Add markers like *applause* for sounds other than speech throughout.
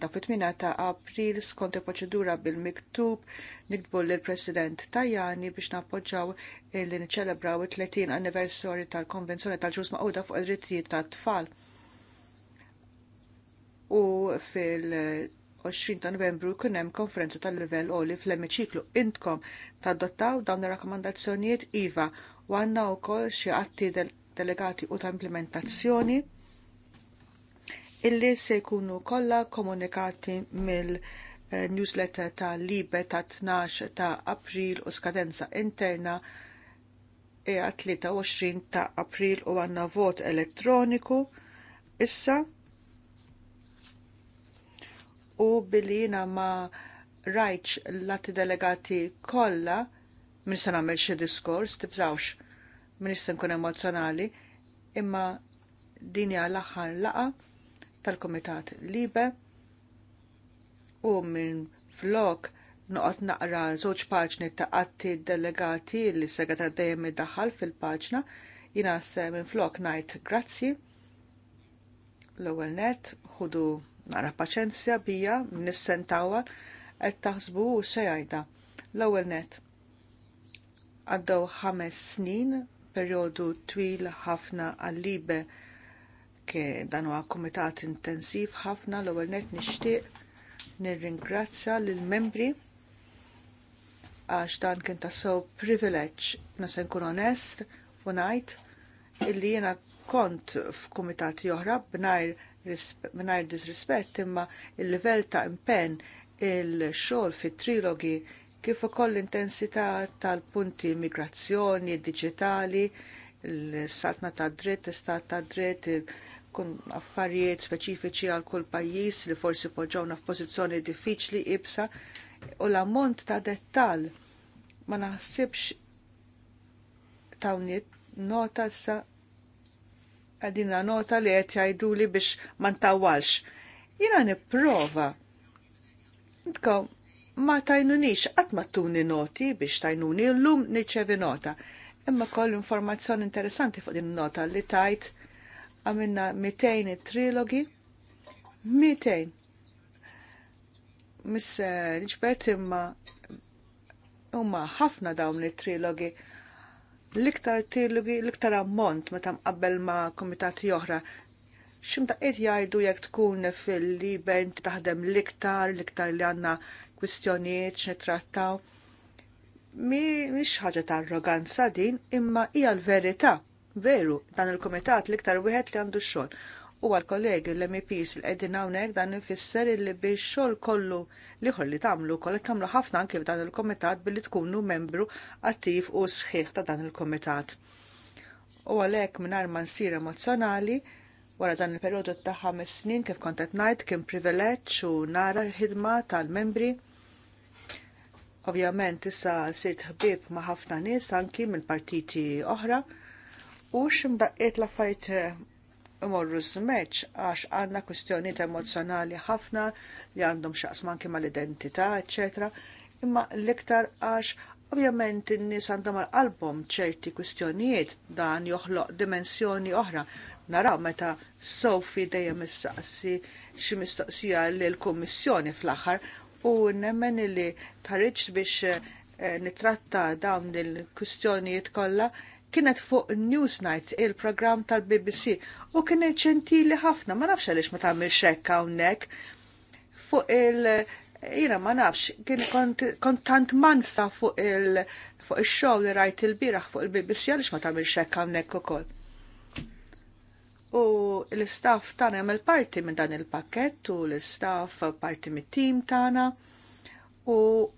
ta' fit ta' april skont il-proċedura bil-miktub nikbu lill president Tajani biex nappoġġaw li niċċelebraw it-30 anniversari tal-Konvenzjoni tal-Ġus Maquda fuq il drittijiet tat-tfal. U fil-20 ta' Novembru kunem hemm konferenza tal-livell oli fl-emiċiklu intkom dottaw dawn ir-rakkomandazzjonijiet IVA u għandna wkoll xi atti delegati u ta' implementazzjoni illi se jkunu kollha komunikati mill-newsletter ta' Libe ta' 12 ta' April u skadenza interna e 23 ta' April u għandna vot elettroniku issa u bilina ma' rajċ l delegati kollha min se nagħmel xi diskors, tibżawx, min se nkun emozjonali, imma din hija l-aħħar laqa tal-Komitat Libe u minn flok noqgħod naqra żewġ paġni ta' atti delegati li segretar dejjem daħal fil-paġna jina se minn flok ngħid grazzi l-ewwel net ħudu nara paċenzja bija nissentawa qed taħsbu u se jgħidha. L-ewwel net għaddew ħames snin perjodu twil ħafna għal-libe dan huwa kumitat intensiv ħafna l-ewwel net nixtieq nirringrazzja lill membri għax dan kien tassew privileġġ nasa nkun onest u ngħid illi jiena kont f'kumitati oħra mingħajr disrispett imma il-livell ta' impenn il-xogħol fit-trilogi kif ukoll l-intensità tal-punti migrazzjoni, diġitali, l-satna ta' dritt, istat ta' dritt, affarijiet speċifiċi għal kull pajjiż li forsi poġġawna f'pożizzjoni diffiċli ibsa u l-ammont ta' dettal ma naħsibx tawniet nota sa għadina nota li qed jgħiduli biex ma ntawwalx. Jiena nipprova. Intkom ma tajnunix qatt ma tuni noti biex tajnuni llum niċevi nota. Imma koll informazzjoni interessanti fuq din nota li tajt għamilna 200 trilogi, 200. Mis nġbet eh, imma umma ħafna dawn it trilogi L-iktar trilogi, l-iktar ammont meta qabbel ma' komitati oħra. Ximta id jajdu jekk tkun fil-liben taħdem l-iktar, l-iktar li għandna kwistjonijiet x'nittrattaw. Mi mhix ħaġa ta' arroganza din, imma hija l-verità veru dan il-komitat l-iktar wieħed li għandu x-xogħol. U għal-kollegi l mps e l-qegħdin hawnhekk dan ifisser li biex xogħol kollu liħor li tagħmlu kollet tagħmlu ħafna anke f'dan il-komitat billi tkunu membru attiv u sħiħ ta' dan il-komitat. U għalhekk mingħajr ma nsir emozjonali wara dan il-perjodu ta' ħames snin kif kont qed ngħid kien privileġġ u nara ħidma tal-membri Ovvjament issa sirt ħbieb ma' ħafna nies anki mill partiti oħra u x'imdaqqiet l-affarijiet eh, imorru żmeċ għax għandna kwistjonijiet emozjonali ħafna li għandhom x'aqsman kima mal-identità, eċetera, imma l-iktar għax Ovvjament in-nies għandhom għal-qalbhom ċerti kwistjonijiet dan joħloq dimensjoni oħra. Naraw meta Sofi dejjem issaqsi xi mistoqsija lill kummissjoni fl-aħħar u nemmen li tħarriġ biex eh, nitratta dawn il-kwistjonijiet kollha kienet fuq Newsnight, il-programm tal-BBC, u kienet ċentili ħafna, ma nafx għaliex ma tagħmel xek hawnhekk. Fuq il- Jina ma nafx, kien kontant mansa fuq il- fuq il xogħol li rajt il biraħ fuq il-BBC għaliex ma tagħmel xekk hawnhekk ukoll. U l-istaff tagħna jagħmel parti minn dan il pakket u l-istaff parti mit-tim tagħna u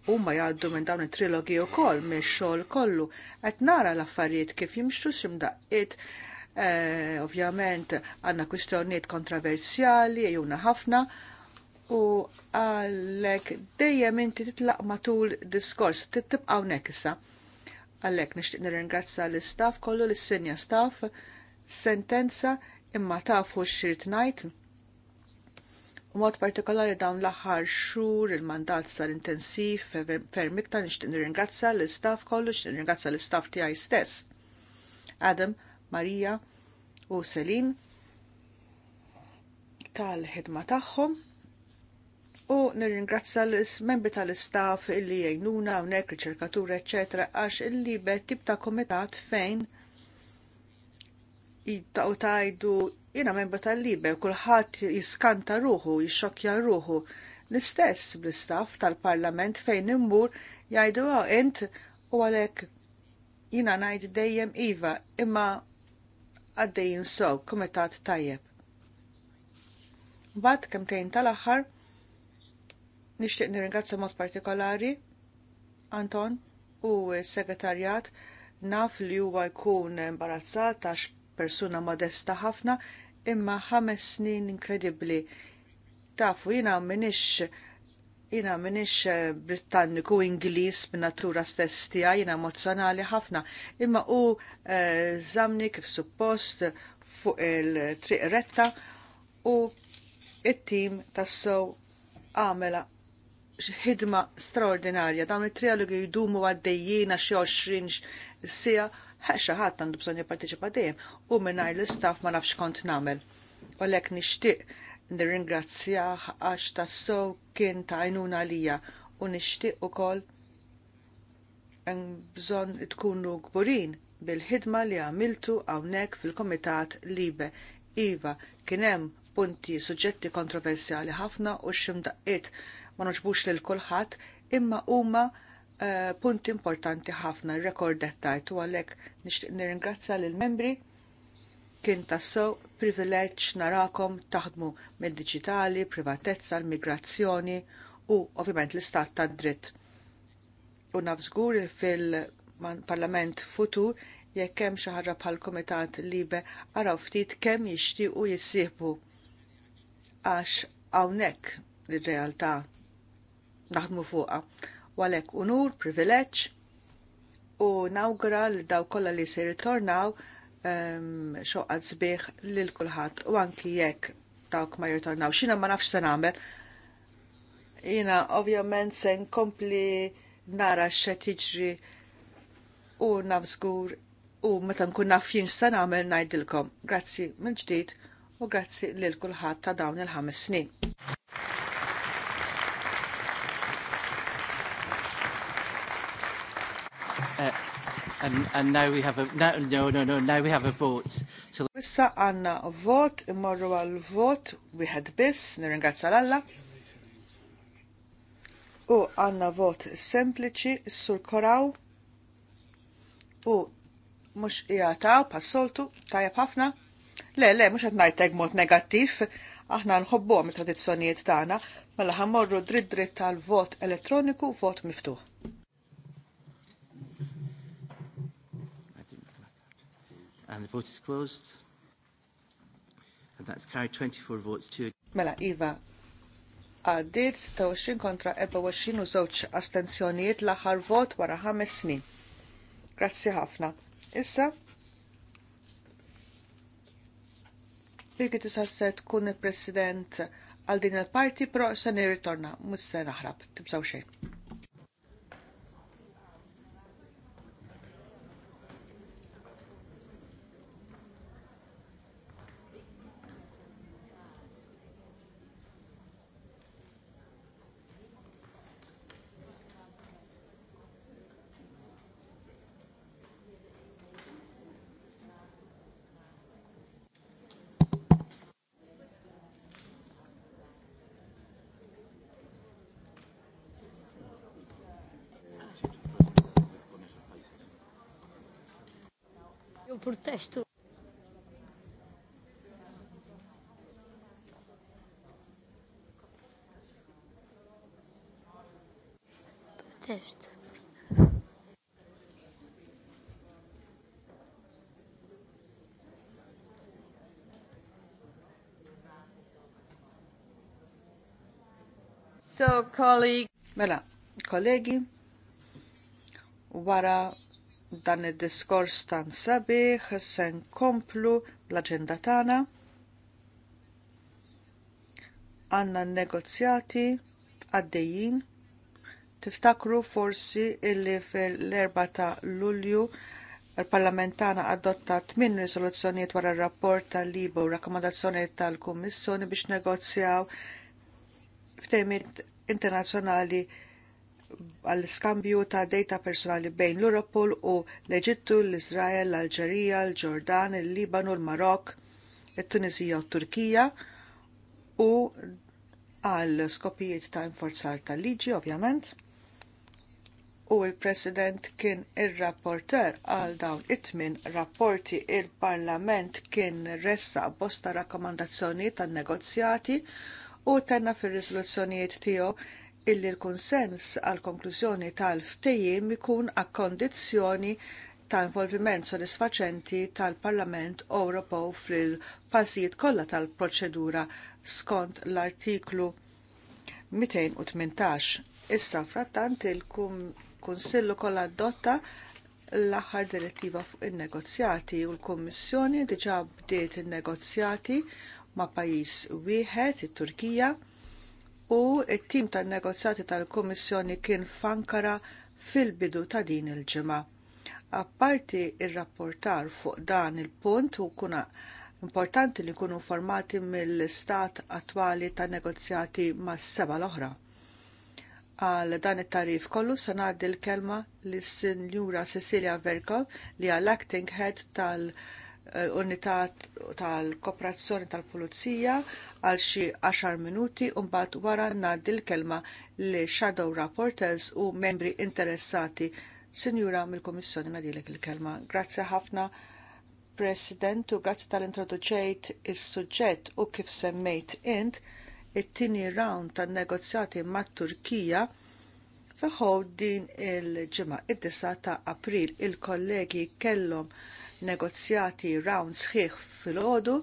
huma jgħaddu minn dawn it-trilogi wkoll mix-xogħol kollu qed nara l-affarijiet kif jimxu x'imdaqqiet eh, ovvjament għandna kwistjonijiet kontroversjali jgħuna ħafna u għalhekk dejjem inti titlaq matul diskors tibqa' hawnhekk issa. Għalhekk nixtieq nirringrazzja l-istaff kollu l-sinja staff sentenza imma tafu x'irid ngħid U mod partikolari dawn l-aħħar xhur il-mandat sar intensiv ferm iktar nixtieq nirringrazzja l-istaff kollu nixtieq nirringrazzja l-istaff tiegħi stess. Adam, Marija u Selin tal-ħidma tagħhom u nirringrazzja l-membri tal-istaff illi jgħinuna hawnhekk riċerkatura eċċetera, għax il-libet tip ta' komitat fejn jittaqu tajdu jina membru tal-libe, kullħat jiskanta ruħu, jixxokja ruħu. L-istess bl-istaff tal-parlament fejn immur jajdu għaw oh, int u għalek jina najd dejjem Iva, imma għaddej sow, kumitat tajjeb. Bad kemtejn tal axar nishtiq nirringrazzja mod partikolari Anton u s-segretarjat naf li huwa jkun imbarazzat għax persuna modesta ħafna imma ħames snin inkredibbli. Tafu jina minix jina minix eh, Britanniku Ingliż natura stess tiegħi jina emozzjonali ħafna, imma u e, eh, zamni kif suppost fuq il-triq retta u it-tim tassow għamela ħidma straordinarja. Dawn it-trialogi jdumu għaddejjina xi 20 sija ħaxa ħadd għandu bżonn jipparteċipa dejjem u mingħajr l-istaff ma nafx kont nagħmel. U nishtiq nixtieq nirringrazzjah għax tassew kien ta' għajnuna lija u nixtieq ukoll bżonn tkunu kburin bil-ħidma li għamiltu hawnhekk fil-Komitat Libe. Iva, kien hemm punti suġġetti kontroversjali ħafna u x'imdaqqiet ma noġbux lil kulħadd imma huma Eh, punt importanti ħafna rekord dettajt u għalek nishtiq nirringrazzja lil membri kien tassew privileġġ narakom taħdmu mid-diġitali, privatezza, l-migrazzjoni u ovvjament l-istat tad dritt. U nafżgur fil-parlament futur jekk hemm xi ħaġa bħal kumitat libe araw ftit kemm jixtiequ jissieħbu għax hawnhekk ir-realtà naħdmu fuqha u unur, privileġġ u nawgura l daw kollha li se jirritornaw um, ehm, xoqqat sbieħ lil kulħadd u anki jekk dawk ma jirritornaw. Xina ma nafx se nagħmel. Jiena ovvjament se nkompli nara xe tiġri u nafzgur u meta nkun naf jien se nagħmel ngħidilkom. Grazzi mill-ġdid u grazzi lil kulħadd ta' dawn il-ħames snin. Uh, and, now we have a now, no no no now we have a vote. So issa għanna vot immorru għal vot wieħed biss nirringrazza l-Alla. U għandna vot sempliċi sur koraw u mhux jgħataw passoltu tajjeb ħafna. Le, le, mhux qed ngħidlek mod negattiv, aħna nħobbuhom it-tradizzjonijiet tagħna, mela ħammorru dritt dritt tal-vot elettroniku vot miftuħ. And the vote is closed. And that's carried 24 votes to. Mela, Iva, għaddit 26 kontra 24 u żewġ astenzjonijiet l-aħħar vot wara ħames snin. Grazzi ħafna. Issa, Birgit tisa se tkun il-president għal din il-parti, pro se nirritorna, mus se naħrab, tibżaw xej. protestu Test. So, colleague. Mela, kollegi, wara dan id-diskors tan sabiħ se nkomplu l-aġenda tagħna. Għanna negozjati għaddejjin. Tiftakru forsi illi fil-4 ta' Lulju il-parlamentana adotta tmin risoluzzjonijiet wara r-rapport tal libo u rakkomandazzjoni tal-Kummissjoni biex negozjaw f'temiet internazzjonali għall-skambju ta' data personali bejn l-Europol u l-Eġittu, l-Izrael, l-Alġerija, l-Ġordan, il-Libanu, l-Marok, il-Tunisija u Turkija u għal skopijiet ta' inforzar tal-liġi, ovvjament. U il-President kien il-rapporter għal dawn it-tmin rapporti il-Parlament kien ressa bosta rakkomandazzjoni tan negozjati u tenna fil-risoluzzjonijiet tiegħu illi l-konsens għal konklużjoni tal-ftejim ikun a kondizzjoni ta' involviment sodisfaċenti tal-Parlament Ewropew fil-fażijiet kollha tal-proċedura skont l-artiklu 218. Issa frattant il-Kunsillu kollha adotta l-aħħar direttiva fuq in-negozjati u l-Kummissjoni diġà bdiet in-negozjati ma' pajjiż wieħed, it-Turkija, u it-tim tan-negozjati tal-Kummissjoni kien fankara fil-bidu ta' din il-ġimgħa. Apparti ir-rapportar fuq dan il-punt u kuna importanti li nkunu formati mill-istat attwali tan negozjati mas seba l-oħra. Għal dan it-tarif kollu se ngħaddi l-kelma lis sinjura Cecilia Verko li għal acting head tal- l-unità tal-kooperazzjoni tal-pulizija għal xi 10 minuti u mbagħad wara ngħaddi l-kelma li shadow rapporters u membri interessati. Sinjura mill-Kummissjoni nadilek il-kelma. Grazzi ħafna President u grazzi tal-introduċejt is-suġġett u kif semmejt int it-tieni round tan-negozjati mat-Turkija saħħu din il-ġimgħa id-9 ta' April il-kollegi kellhom negozjati round sħiħ fil-ħodu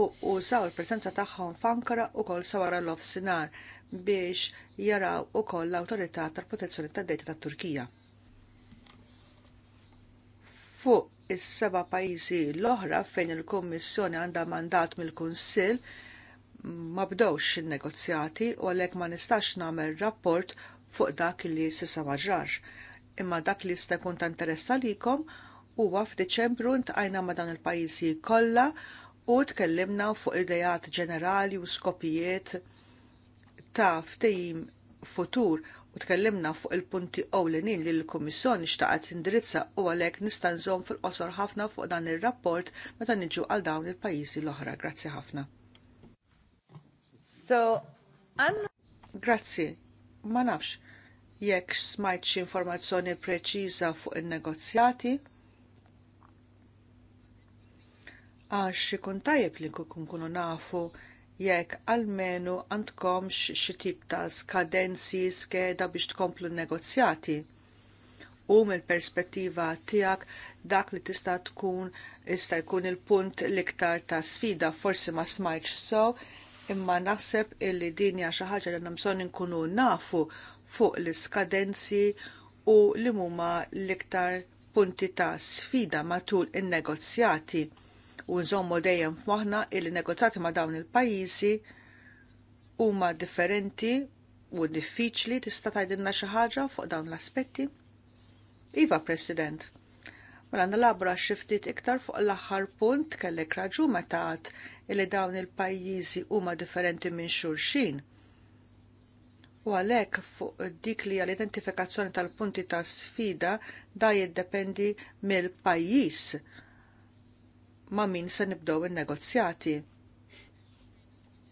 u użaw il-prezenza tagħhom f'Ankara wkoll sawara l ofsinhar biex jaraw ukoll l-awtorità tal-protezzjoni tad-dejta tat-Turkija. Fuq is-seba' pajjiżi l-oħra fejn il-Kummissjoni għandha mandat mill-Kunsill ma bdewx in-negozjati u għalhekk ma nistax nagħmel rapport fuq dak li s-sa ma ġrarx. Imma dak li jista' jkun ta' interess għalikom huwa f'Diċembru ntqajna ma' dan il-pajjiżi kollha u tkellimna fuq idejat ġenerali u skopijiet ta' ftehim futur u tkellimna fuq il-punti ewlenin li l-Kummissjoni xtaqgħet indirizza u għalhekk nista' nżomm fil-qosor ħafna fuq dan ir-rapport meta niġu għal dawn il-pajjiżi l-oħra. Grazzi ħafna. So, I'm... Grazzi, ma nafx jekk smajt xi informazzjoni preċiża fuq in-negozjati għax ikun tajjeb li nkunu nafu jekk almenu għandkomx xi tip ta' skadenzi skeda biex tkomplu n negozjati. U mill-perspettiva tiegħek dak li tista' tkun jista' jkun il-punt l-iktar ta' sfida forsi ma smajtx so, imma naħseb illi din hija xi ħaġa li bżonn inkunu nafu fuq l-iskadenzi u li huma l-iktar punti ta' sfida matul in-negozjati u nżommu dejjem f'moħħna illi negozjati ma' dawn il-pajjiżi huma differenti u diffiċli tista' tgħidilna xi ħaġa fuq dawn l-aspetti? Iva, President. Mela nalabra xiftit iktar fuq l-aħħar punt kellek raġu meta għad illi dawn il-pajjiżi huma differenti minn xulxin. U għalhekk fuq dik li l-identifikazzjoni tal-punti ta' sfida da jiddependi mill-pajjiż ma' min se nibdew il negozjati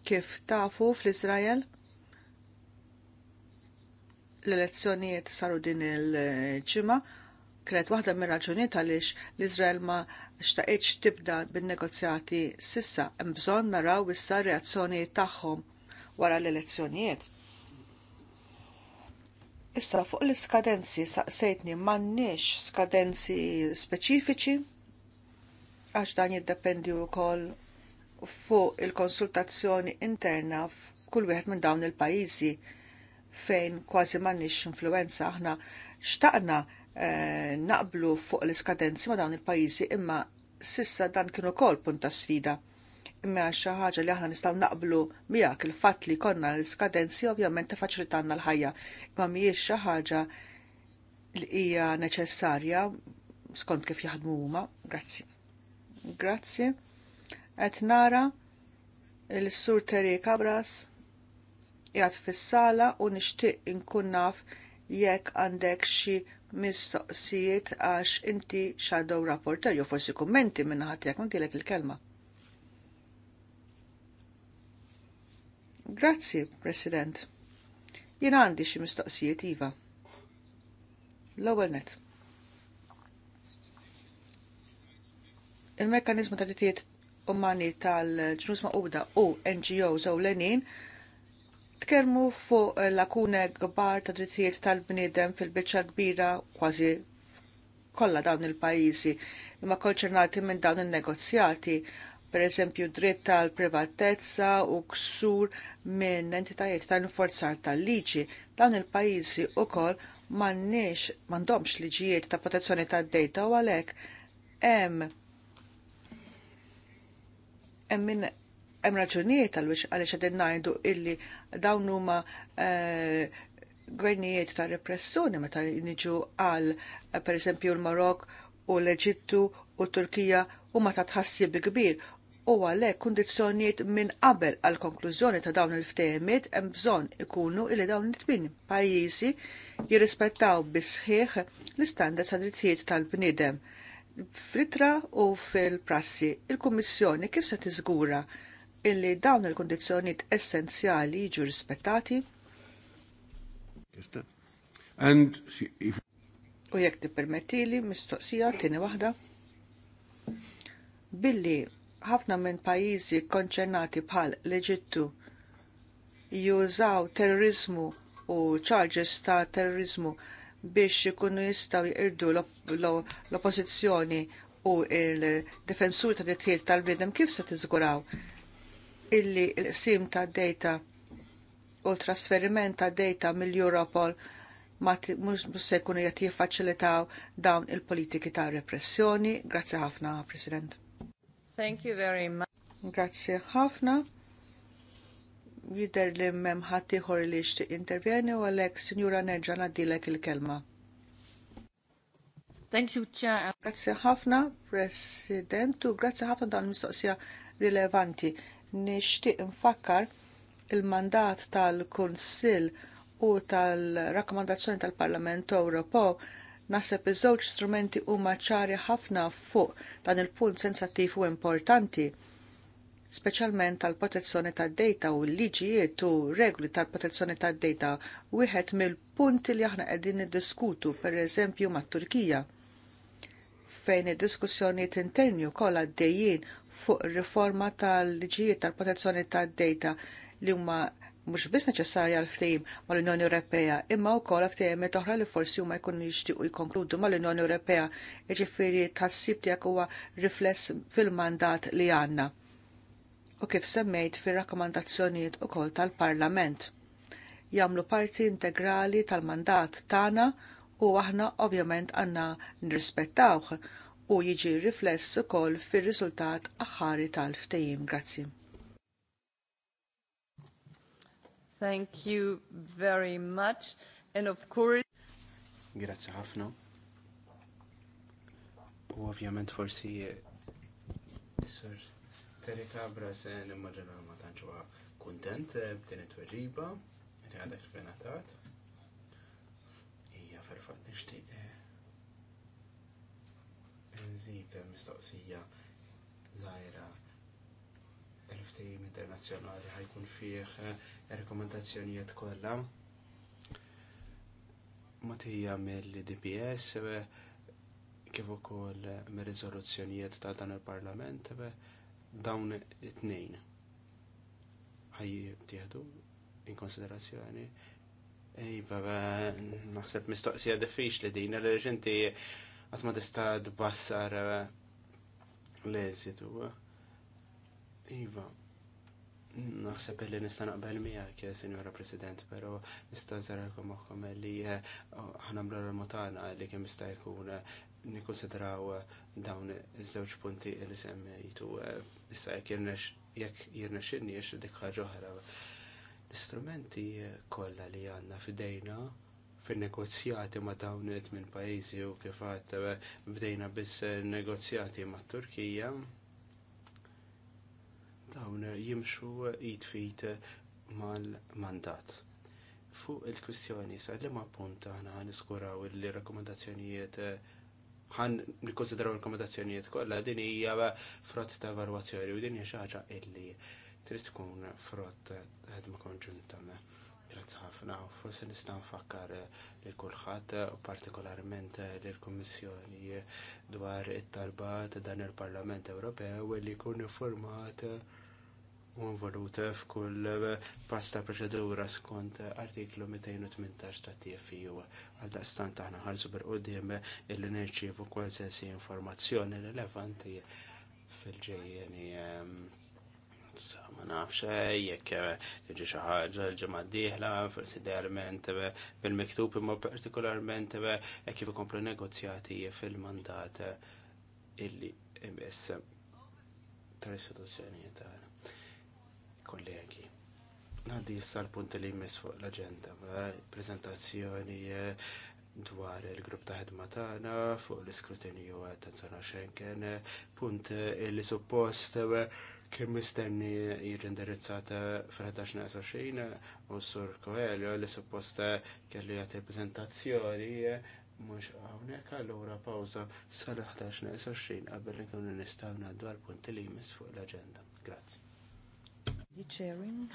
Kif tafu fl-Izrael? L-elezzjonijiet saru din il-ġimgħa kret waħda mir raġunijiet għaliex l-Izrael ma xtaqitx tibda bin-negozjati sissa hemm bżonn naraw issa reazzjonijiet tagħhom wara l-elezzjonijiet. Issa fuq l-iskadenzi saqsejtni m'għandniex skadenzi speċifiċi għax dan jiddependi wkoll fuq il-konsultazzjoni interna f'kull wieħed minn dawn il-pajjiżi fejn kważi m'għandniex influenza aħna xtaqna eh, naqblu fuq l-iskadenzi ma' dawn il-pajjiżi imma sissa dan kienu kol punta sfida. Imma xi ħaġa li aħna nistgħu naqblu miegħek il-fatt li konna l-iskadenzi ovvjament tifaċilitanna l-ħajja, imma mhijiex xi ħaġa li hija neċessarja skont kif jaħdmu huma. Grazzi. Grazzi. Et nara il-sur Terry Cabras jgħat fis-sala u nixtieq inkun naf jekk għandek xi mistoqsijiet għax inti shadow rapporter jew forsi kummenti minn ħadd jekk ntilek il-kelma. Grazzi, President. Jien għandi xi mistoqsijiet iva. L-ewwel net. il mekanizmu ta' titiet umani tal-ġnus maqubda u NGOs u l-enin tkermu fuq lakune gbar ta' drittijiet tal-bniedem fil-bicċa kbira kważi kollha dawn il-pajjiżi imma kolċernati minn dawn in-negozjati per eżempju dritt tal-privatezza u ksur minn entitajiet tal forzar tal-liġi dawn il-pajjiżi ukoll m'għandniex m'għandhomx liġijiet ta' protezzjoni tad-dejta u għalhekk hemm Emmin hemm raġunijiet għalwiex għaliex qegħdin ngħidu illi dawn huma eh, gvernijiet ta' repressjoni meta niġu għal pereżempju l-Marok u l-Eġittu u Turkija huma ta' tħassib kbir u għalhekk kundizzjonijiet minn qabel għal konklużjoni ta' dawn il-ftehimiet hemm bżonn ikunu illi dawn it-tmien pajjiżi jirrispettaw bisħieħ l-istandards sa' drittijiet tal-bniedem fritra u fil-prassi. Il-Kummissjoni kif se tiżgura illi dawn il kondizjoniet essenzjali jiġu rispettati? U jekk tippermettili mistoqsija tieni waħda. Billi ħafna minn pajjiżi konċernati bħal l-Eġittu jużaw terrorizmu u charges ta' terrorizmu biex ikunu jistgħu jirdu l oppożizzjoni u il defensur ta' dittijiet tal bidem kif se tiżguraw illi l-sim ta' data u trasferiment ta' data mill-Europol ma se jkunu qed jiffaċilitaw dawn il-politiki ta' repressjoni. Grazzi ħafna, President. Thank you very much. Grazzi ħafna jider li mem ħatiħor li xti intervjeni u għalek, Signora Nerġa, għaddilek il-kelma. Thank you, Chair. Grazie ħafna, President, u grazie ħafna dan mistoqsija rilevanti. Nishtiq nfakkar il-mandat tal-Kunsill u tal-rakkomandazzjoni tal-Parlament Ewropew naħseb iż-żewġ strumenti huma ċari ħafna fuq dan il-punt sensattiv u importanti speċjalment tal-protezzjoni tad-data u l-liġijiet u regli tal-protezzjoni tad-data wieħed mill-punti li aħna qegħdin niddiskutu pereżempju mat-Turkija fejn id-diskussjonijiet interni wkoll għaddejjin fuq riforma tal-liġijiet tal-protezzjoni tad-data li huma mhux biss neċessarja għal ftehim mal-Unjoni Ewropea, imma wkoll ftehimiet oħra li forsi huma jkunu jixtiequ jkonkludu mal-Unjoni Ewropea, jiġifieri tħassib tiegħek huwa rifless fil-mandat li għandna u kif semmejt fir rakkomandazzjonijiet ukoll tal-Parlament. Jamlu parti integrali tal-mandat tagħna u aħna ovvjament għandna nirrispettawh u jiġi rifless ukoll fir-riżultat aħħari tal ftejim Grazzi. Thank you very much and of course Grazzi ħafna. U ovvjament forsi eh, Terika Brasen eh, immaġina ma tanċuwa kontent eh, b'din it-tweġiba li għadek venatat. Ija ferfat nishtiq eh, nżid mistoqsija zaħira il-ftehim internazzjonali ħajkun fih rekomendazzjonijiet kollha matija mill-DPS kif ukoll mir-riżoluzzjonijiet ta' dan il-Parlament dawn it-tnejn ħaj tieħdu in konsiderazzjoni. Iva, naħseb mistoqsija diffiċ li din, li ġenti għatma tista d-bassar eh, l-eżitu. Iva, naħseb li nista naqbel miegħek, eh, senjora President, pero nista nżaralkom uħkom li eh, ħanamlu l-motana li kemm jista' jkun nikkonsidraw dawn iż-żewġ punti li semmejtu Issa jekk jekk jek jirnex jirnex dikħa oħra. L-istrumenti kollha li għandna f'idejna fin-negozjati ma' dawn minn pajjiżi u kif eh, bdejna biss negozjati mat Turkija dawn jimxu id fit mal-mandat fuq il-kwistjoni sa' li ma' punt aħna niskuraw li rakkomandazzjonijiet eh, ħan nikonsidraw l komodazzjonijiet kollha din hija frott ta' evalwazzjoni u din hija xi ħaġa illi trid tkun frott ħedma konġunta. Grazzi ħafna, forse nista' nfakkar li kulħadd u partikolarment lill kummissjoni dwar it-talba ta' dan il-Parlament Ewropew li jkun informat u involuta f'kull eh, pasta proċedura skont artiklu 218 ta' TFU għal stant aħna ħarsu bil il illi nirċievu kwalsiasi informazzjoni rilevanti fil-ġejjeni ehm, samana ma nafx eh, jekk eh, tiġi xi ħaġa l-ġimgħa d-dieħla idealment bil-miktub imma partikolarment hekk kif ikomplu negozjati fil-mandat illi imess tal-istituzzjonijiet tagħna kollegi. Għaddi jissa l-punt li jmiss fuq l-agenda, prezentazzjoni eh, dwar il-grupp ta' ħedma tagħna fuq l-iskrutinju ta' zona Schenken punt eh, li suppost eh, kien mistenni jirindirizzat fl-11 u sur Koelio li suppost kelli jagħti prezentazzjoni mhux hawnhekk allura pawza sal-11 qabel li nkunu nistawna dwar punt li jmiss fuq l-aġenda. Grazzi sharing.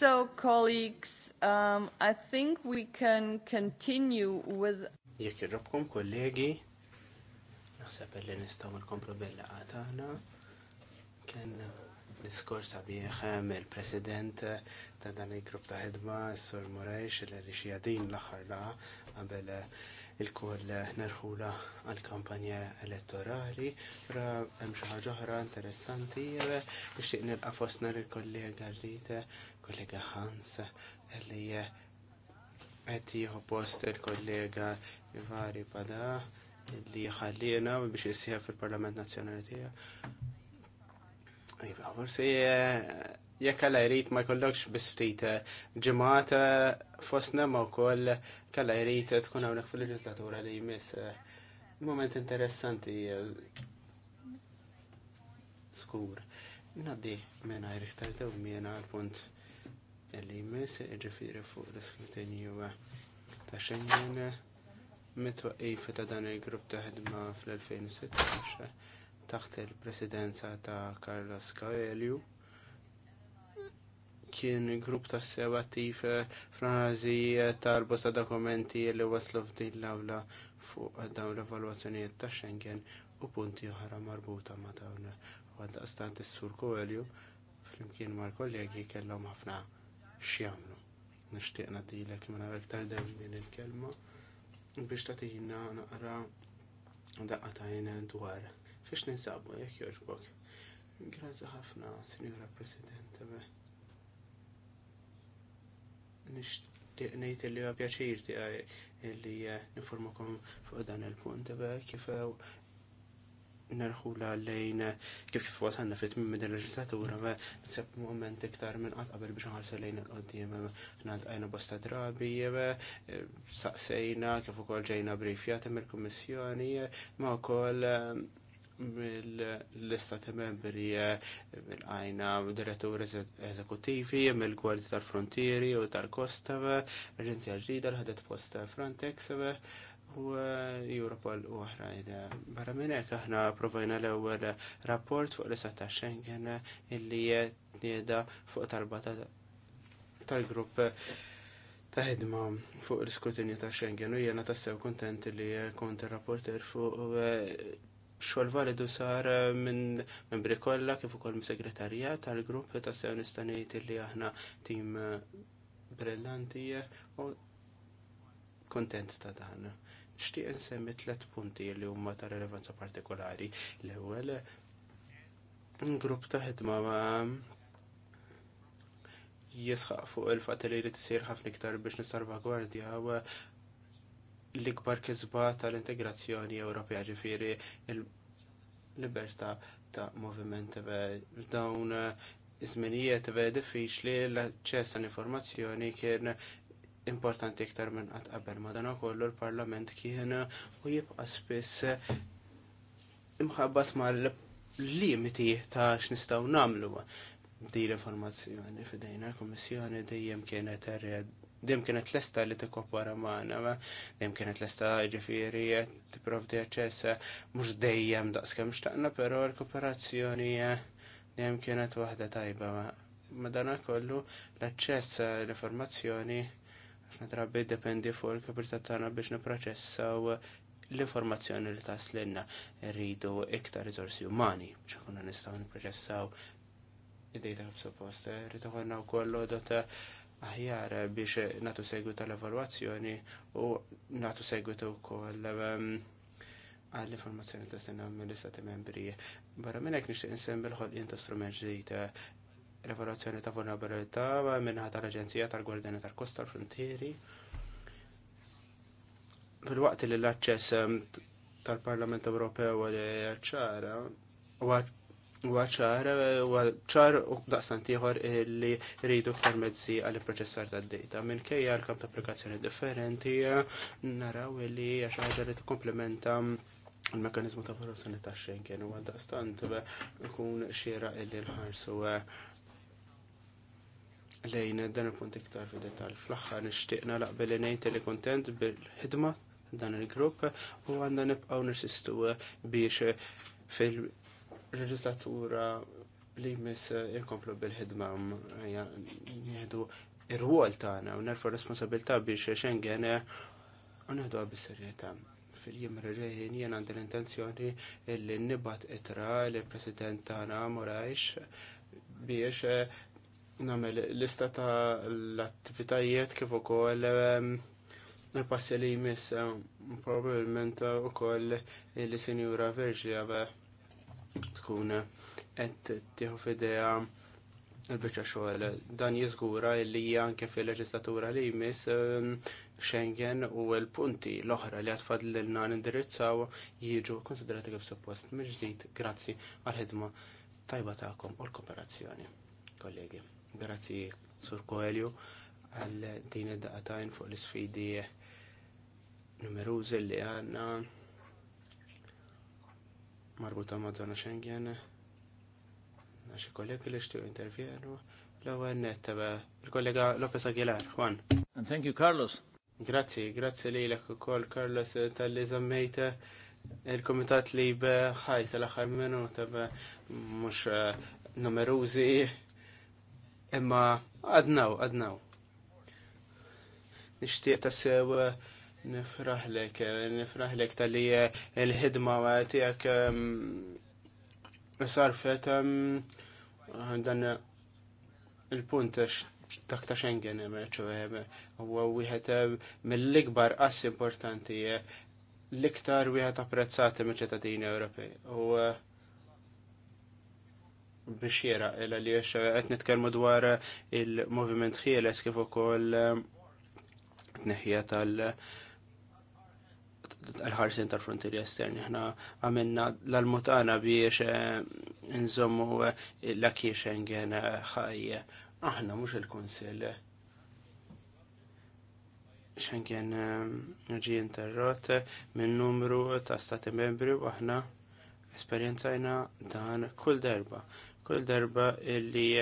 So, colleagues, um, I think we can continue with... Jek irrobkom kollegi, naħseb li nistaw nkomplu bella għatana, kien diskors għabieħ il-president ta' dan il-grupp ta' ħidma, s-sur Murejx, li xijadin l-axar la' għabel il-koll nerħula għal-kampanja elettorali, ra hemm xi ħaġa oħra interessanti, nixtieq nilqa' fostna il kollega Dardita, kollega Hans, li qed jieħu post il-kollega Ivari Pada li ħallina biex jissieħ fil-Parlament Nazzjonali tiegħu. Iva, forsi jekk għal jrid ma jkollokx biss ftit eh, ġimgħat eh, fosna ma wkoll kalla jrid tkun hawnhekk fil-leġislatura li jmiss eh, moment interessanti skur. Naddi mena jriktar tew mena għal punt li jmiss ġifiri fuq l-iskrutinju ta' Schengen mitwaqif ta' dan il-grupp ta' ħidma fl-2016 taħt il-presidenza ta' Carlos Coelho kien grupp ta' sew attiv eh, fl-analiżi eh, tal-bosta dokumenti li waslu f'din l-awla fuq dawn l-evalwazzjonijiet ta' Schengen u punti oħra marbuta ma' dawn. Għaldaqstant is-sur Koelju flimkien mal-kollegi kellhom ħafna x'jagħmlu. Nixtieq ngħidilek minn hawnhekk tardem din il-kelma biex tagħtina naqra daqqa ta' tajna dwar fiex ninsabu jekk jogħġbok. Grazzi ħafna, Sinjora President nixtieq ngħid li huwa pjaċir tiegħi li eh, nifurmakom fuq dan il-punt eh, kif eh, nerħu lejn kif kif wasanna fit minn din il-leġislatura ma nisab moment iktar minn qatt qabel biex nħarsu lejn il-qoddim naltqajna bosta drabi saqsejna kif ukoll ġejna briefjat mill kommissjoni ma wkoll mill-istati membri eh, mill-għajna direttur eżekutivi mill-gwardi tal-frontieri u tal-kosta l-Aġenzija ġdida l-ħadet post Frontex u eh, Europol u oħrajn. Barra minn hekk aħna provajna l-ewwel rapport fuq l-istat ta' Schengen illi jeda fuq talba tal-grupp ta' ħidma fuq l-iskrutinju ta' Schengen u jena tassew kontent li kont rapporter fuq eh, xogħol validu sar eh, minn membri kollha kif ukoll mis-segretarija tal-grupp ta' sew nista' ngħid li aħna tim eh, brillanti eh, u kontent ta' dan. Nixtieq insemmi tliet punti li huma ta' rilevanza partikolari. L-ewwel grupp ta' ħidma jisħaq fuq il-fatt li jrid isir ħafna iktar biex nisarvagwardja l-ikbar kisba tal-integrazzjoni Ewropea ġifiri il-libertà ta' moviment f'dawn iż-żminijiet diffiċli l-aċċess għall informazzjoni kien importanti iktar minn qatt qabel madankollu l-Parlament kien u jibqa' spiss imħabbat mal limiti ta' x'nistgħu nagħmlu din l-informazzjoni f'idejna l-Kummissjoni dejjem kienet dim kienet lesta li t-kopwara maħna, dim kienet lesta ġifiri, t-provdi għacċess, mux dejjem daqskem xtaqna, pero l-kooperazzjoni dim kienet wahda tajba. Madana kollu l-access l-informazzjoni drabi dependi fuq il-kapacità tagħna biex nipproċessaw l-informazzjoni li taslinna rridu iktar riżorsi umani biex ikunu nistgħu nipproċessaw id-data f'suppost. Rridu konna wkoll dota aħjar biex natu segwit tal-evaluazzjoni u natu segwitu wkoll ehm, għall-informazzjoni ta' s-sena mill-istati membri. Barra minn hekk nixtieq insemmi l-ħolqien ta' strument ġdijt l-evaluazzjoni ta' vulnerabilità minnaħa tal-Aġenzija tal-Gwardjani tal-Kosta l-Frontieri. Fil-waqt li l-aċċess ehm, tal-Parlament Ewropew għal ċara, Waċar, waċar u daqsan tiħor li rridu ktar mezzi għal proċessar ta' data. Minn kejja l-kamp ta' applikazzjoni differenti, naraw li xaħġa li t-komplementa il-mekanizmu ta' produzzjoni ta' Schengen u għaldaqstant ikun xira illi l-ħarsu eh, lejn dan il-punt iktar fi detal. Fl-axħar nishtiqna laqbel li nejt li kontent bil-ħidma dan il-grupp u għandna nibqaw nirsistu eh, biex fil reġislatura li jmiss inkomplu eh, bil-ħidma mm, jihdu ir-rwol tagħna u nerfu responsabilità biex Schengen eh, u neħdu bis fil jim reġeħin jien għandi l-intenzjoni li nibat itra li president tagħna Morajx biex eh, nagħmel lista ta' l-attivitajiet kif ukoll il-passi li jmiss probabbilment ukoll li sinjura Verġi tkun qed tieħu f'idea l biċċa xogħol. Dan jiżgura li hija anke fil-leġislatura li jmiss ehm, Schengen u l-punti l-oħra li għad l nindirizzaw jiġu konsiderati kif suppost. Mġdijt, grazzi għal-ħidma tajba taqom u l-kooperazzjoni, kollegi. Grazzi, Sur Koelju, għal din id-daqatajn fuq l-sfidi numerużi li għanna marbuta ma' zona Schengen. Naxi kollegi li xtiju intervjenu. L-ewwel għu nettebe il-kollega Lopez Aguilar, Juan. And thank you, Carlos. Grazzi, grazzi li l ukoll Carlos tal-li zammejta il-komitat li bħaj tal-axar minu minuta mux eh, numeruzi, imma għadnaw, għadnaw. Nishtiq tassew eh, Nifraħlek, nifraħlek tal-li il-ħidma tijak sarfet dan il-punt tak xengen Schengen, u għuħet eh, eh, mill-ikbar ass importanti, eh, l-iktar wieħed apprezzati me ċittadini Ewropej. U biex jera, li għet nitkellmu dwar il-moviment ħieles kif ukoll tneħħija tal- l-ħarsin tal-frontieri esterni. Ħna għamilna l-almutana biex eh, nżommu eh, l-akki Schengen eh, ħajje. Aħna mhux il-Kunsill. Schengen ġi interrot minn numru ta' stati membri u aħna esperjenzajna dan kull darba. Kull darba illi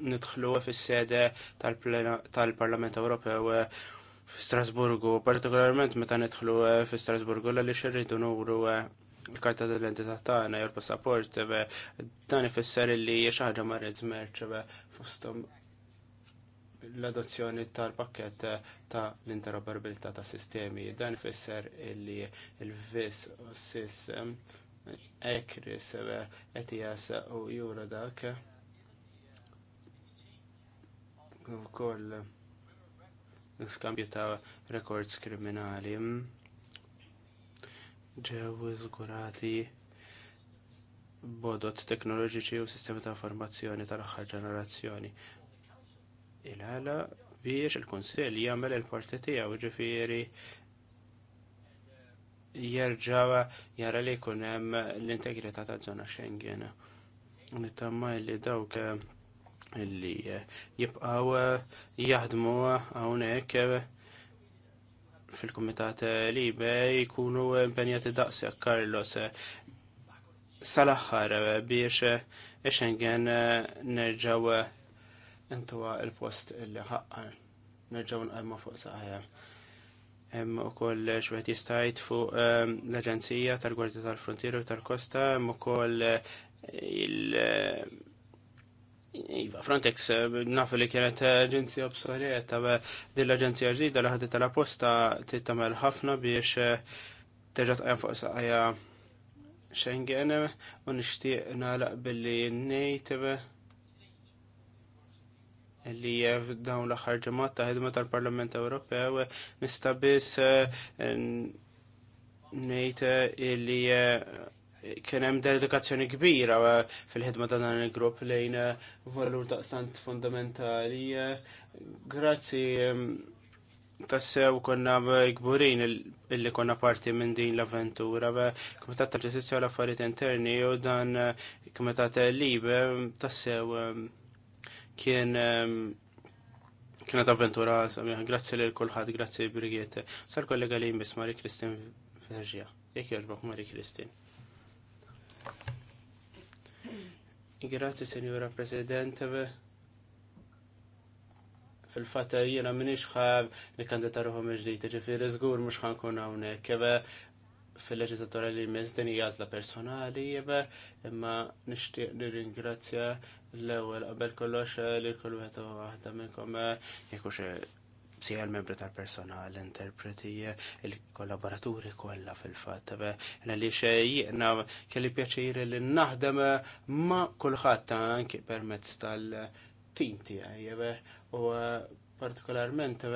nidħlu fis-sede tal-Parlament Ewropew Strasburgu, partikolarment meta nidħlu eh, fi Strasburgu l-għalli xirridu nuru eh, l-karta tal-identità tagħna jew l-passaport eh, dan ifisser li xi ħaġa marret żmerċ fostom l-adozzjoni tal-pakket ta' l-interoperabilità ta' sistemi. Dan ifisser li l-vis u sis ekris ETS e u jura dak. Koll skambju ta' rekords kriminali ġew iżgurati bodot teknoloġiċi u sistemi ta' informazzjoni tal-aħħar ġenerazzjoni. Il-għala biex il-Kunsill jagħmel il-parti tiegħu ġifieri jerġa' jara li jkun hemm l-integrità ta' żona Schengen. Nittamma li dawk li eh, jibqaw eh, jaħdmu hawnhekk eh, fil-Kumitat Libe jkunu impenjati daqsek Karlos sal-aħħar biex Schengen nerġaw intuwa il-post li ħaqqa nerġaw nqajmu fuq saħja. Hemm ukoll xwieħed jistajt fuq l-Aġenzija tal-Gwardja tal-Frontiera u tal-Kosta, hemm ukoll il- Iva, Frontex eh, nafu li kienet eh, aġenzija b'sorieta, ta' l ġenzija ġdida li ħadet tal-apposta t-tamel ħafna biex eh, terġa' għajan fuq saqja Schengen u nixtieq nagħlaq billi n-nejtib li dawn l axar ġemat ta' ħidma tal-Parlament Ewropew nista' biss ngħid illi kien hemm dedikazzjoni kbira eh, fil-ħidma ta' dan il-grupp lejn eh, valur stant fundamentali. Eh, grazzi ehm, tassew konna gburin illi konna parti minn din l-avventura. Kumitat ta' ġustizja l-affarijiet interni u dan kumitat libe ehm, tassew ehm, kien kienet avventura samiħ. Grazzi lil kulħadd, grazzi Brigitte. Sar kollega li jimbis Mari Kristin Verġja. Jekk jogħġbok Mari Kristin. Grazie, Signora Presidente. Fil-fatta jena minix xab li kandidata ruħom ġdijt, ġifiri zgur mux xan ħankun għawnek. Kebe fil leġizatora li mezz din jazla personali, jibbe, imma nishtiq li ringrazzja l-ewel għabel kollox li kull wieħed waħda minnkom eh, jekux sija l membri tal-personal, interpreti, il-kollaboraturi kolla fil-fat. Għalli xejjina kelli pjaċir li naħdem ma kullħat anki permezz tal-tim tijaj, u eh, partikolarment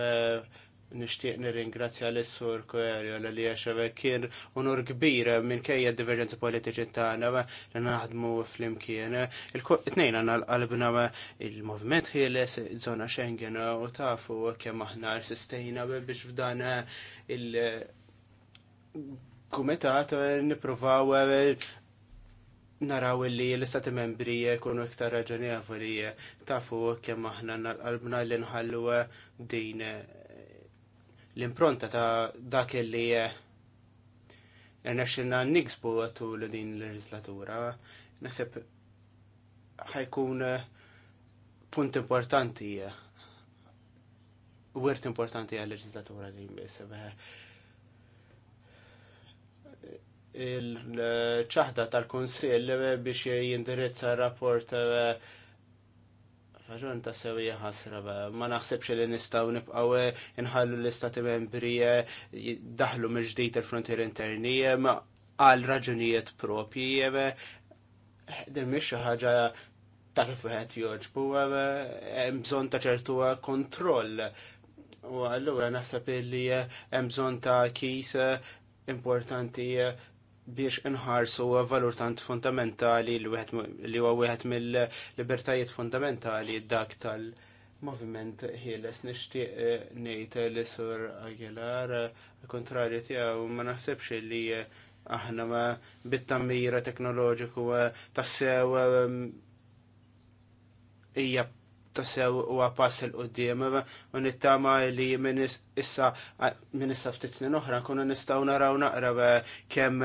nishtiq nirringrazzja l sur Koelho li għaxeve kien unur kbir minn kajja divergenzi politiċi tagħna li naħdmu flimkien. Il-tnejn għal l-qalbna il-movement ħieles zona Schengen u tafu kemm aħna sistejna biex f'dan il- kumitat nippruvaw naraw li l-istati membri kunu iktar raġonevoli tafu kemm aħna nal-qalbna li nħallu din l-impronta ta' dak li eh, n niksbu għattu l-din l-leġislatura. Nasib ħajkun eh, punt importanti, eh, wirt importanti għal leġislatura li jmiss. Il-ċaħda tal-Konsil biex jindirizza rapport uh, Raġun ta' sewija ħasra, ma naħsebx li nistaw nibqaw eh, inħallu l-istati membri eh, daħlu mġdijt il-frontier interni eh, għal raġunijiet propji. Din mhix xi ħaġa ta' kif wieħed joġbu, hemm bżonn ta' ċertu kontroll. U allura naħseb li hemm bżonn ta' kis importanti biex inħarsu valur tant fundamentali li huwa wieħed mill-libertajiet fundamentali dak tal-moviment ħieles nixtieq eh, ngħid li sur Aguilar eh, kontrarju tiegħu ma naħsebx li eh, aħna bit-tammira teknoloġiku tassew hija tassew u għapass il-qoddim u nittama li minn minissa ftit snin oħra kunu nistaw naraw naqra e, kemm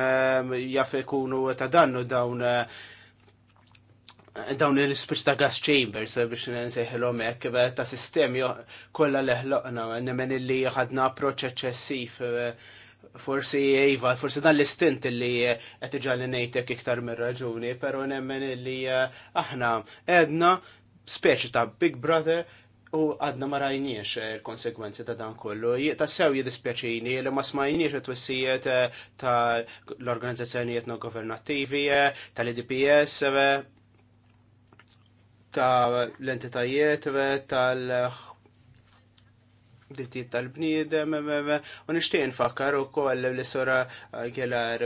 e, jaf ikunu ta' dannu dawn e, dawn il-spirits ta' gas chambers biex nsejħilhom hekk ta' sistemi kollha leħloqna nemmen illi ħadna approċċ eċċessiv forsi Eva, forsi dan l-istint li qed iġalli ngħidlek iktar mir raġuni, però nemmen illi aħna edna speċi ta' Big Brother u għadna ma rajniex il-konsekwenzi eh, ta' dan kollu. Ta' sew jidispieċini li ma smajniex it-twissijiet eh, ta' l-organizzazzjonijiet non governattivi, eh, tal-IDPS, ta' l-entitajiet, tal dittijiet tal-bniedem, u nishtiq nfakkar u koll li sora għelar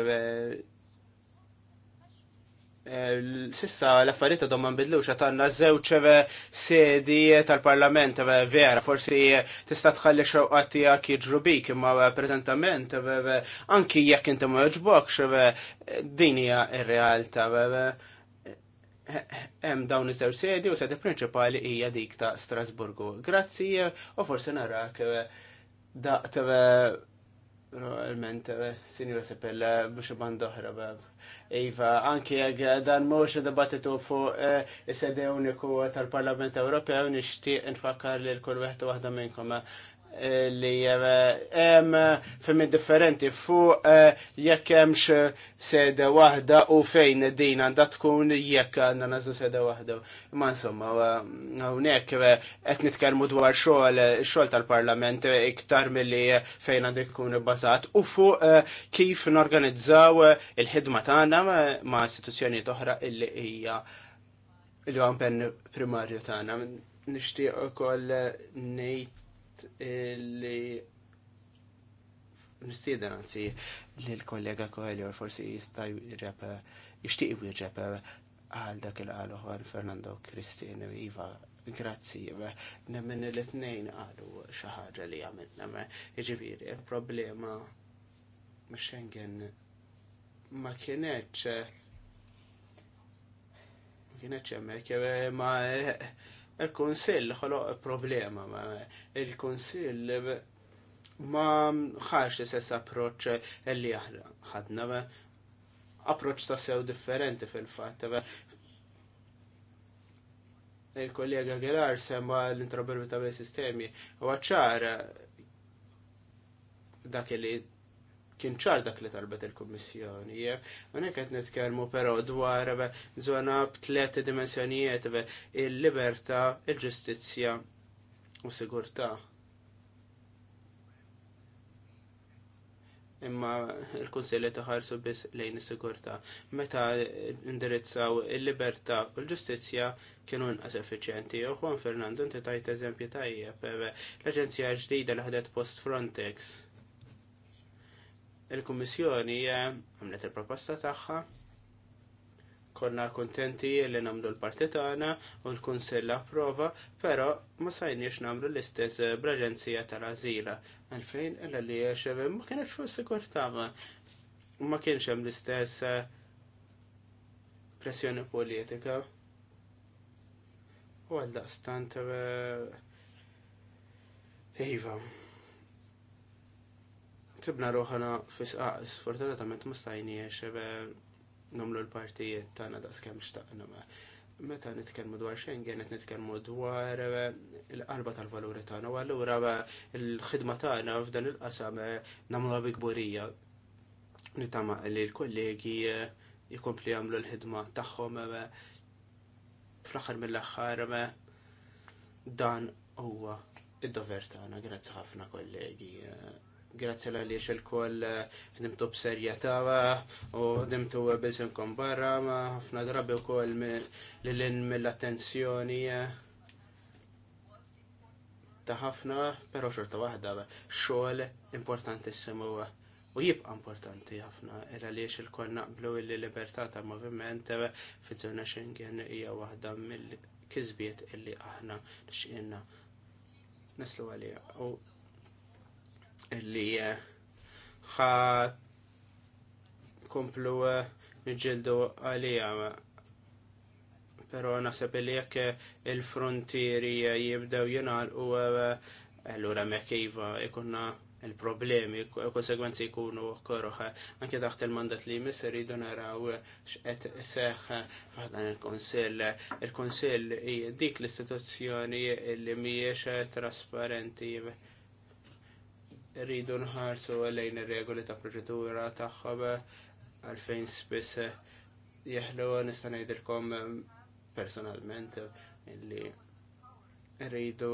Eh, sissa l-affarijiet għadhom ma nbidlux għad għandna żewġ eh, sedi eh, tal-Parlament vera, forsi tista' tħalli xewqat tiegħek jiġru imma preżentament anki jekk inti ma jġbok, din hija r-realtà. Hemm dawn iż-żewġ sedi u sedi prinċipali hija dik ta' Strasburgu. Grazzi u forsi narak daqt Realment, eh, Signora Sepella, biex band oħra bab. Iva, anki għag dan mux dibattitu fu eh, is-sede uniku tal-Parlament Ewropew nixtieq nfakkar li l-kull weħda minnkom eh, li eh, hemm eh, fim differenti fuq eh, jekk hemmx seda waħda u fejn din għandha tkun jekk għandna nażu seda waħda. Ma insomma hawnhekk qed nitkellmu dwar xogħol xogħol tal-Parlament iktar milli fejn għandu jkun bbażat u fu kif norganizzaw il-ħidma tagħna ma' istituzzjonijiet oħra illi hija il-għampen primarju tagħna. Nixtieq ukoll ngħid nixtieq li nistieden anzi li l-kollega Coelho forsi jista' jirrep jixtieq jirrep għal dak il-qalu għal Fernando Cristin Iva Grazzi, nemmen l-etnejn għalu xaħġa li għamil, nemmen, iġiviri, il-problema Schengen ma kienieċ ma kienieċ emmek, ma il-Kunsill ħoloq problema. Il-Kunsill ma ħarx sess approċ li aħna ħadna approċċ ta' sew differenti fil fat Il-kollega Gelar sema l-introberbita bej sistemi u għacċar dak li kien ċar dak li talbet il-Kummissjoni. Unek qed nitkellmu però dwar żona b'tliet dimensjonijiet il-libertà, il-ġustizzja u sigurtà. imma il-Kunsilli taħarsu biss lejn is-sigurtà. Meta indirizzaw il-libertà u l-ġustizzja kienu nqas effiċjenti. U Juan Fernando inti tajt eżempju tajjeb l-Aġenzija ġdida li ħadet post Frontex Il-Kummissjoni eh, għamlet il-proposta tagħha konna kontenti li namlu l-parti tagħna u l-Kunsill approva, però ma sajniex namlu l-istess eh, bl-Aġenzija tal-Azila. Għalfejn illa li eh, ma kienx fuq u ma kienx hemm l-istess pressjoni politika. U għal daqstant Iva. Tibna roħana fisqaq, sfortunatament ma stajniex nomlu l-partijiet tagħna da skemm xtaqna ma. Meta nitkellmu dwar Schengen qed nitkellmu dwar l arba tal-valuri tagħna u allura l-ħidma tagħna f'dan il-qasam nagħmluha bi kburija. Nitama li l-kollegi jikompli jagħmlu l-ħidma tagħhom fl-aħħar mill-aħħar dan huwa id-dover tagħna, grazzi ħafna kollegi. Grazzi l għaliex il-koll eh, nimtu b'serjetà eh, u nimtu bil-simkom barra, ma ħafna drabi wkoll l-lin mill-attenzjoni eh, ta' ħafna, però xorta waħda xogħol importantissimu u jibqa' importanti ħafna il għaliex il-kol naqblu li libertà ta' moviment fiż-żona Schengen hija waħda mill-kisbiet illi aħna x'inna naslu għalija li eh, ħa komplu eh, nġildu għalija. Pero nasab li jekk eh, il-frontieri jibdew jenal u allura mekkiva ikunna il-problemi, konsegwenzi jkunu korroħ. Anke taħt il-mandat li jmiss rridu naraw x'qed seħ dan il-Konsill. Il-Konsill dik l-istituzzjoni li mhijiex trasparenti rridu nħarsu lejn ir-regoli ta' proċedura tagħhom għalfejn spiss jihlu nista' ngħidilkom personalment illi rridu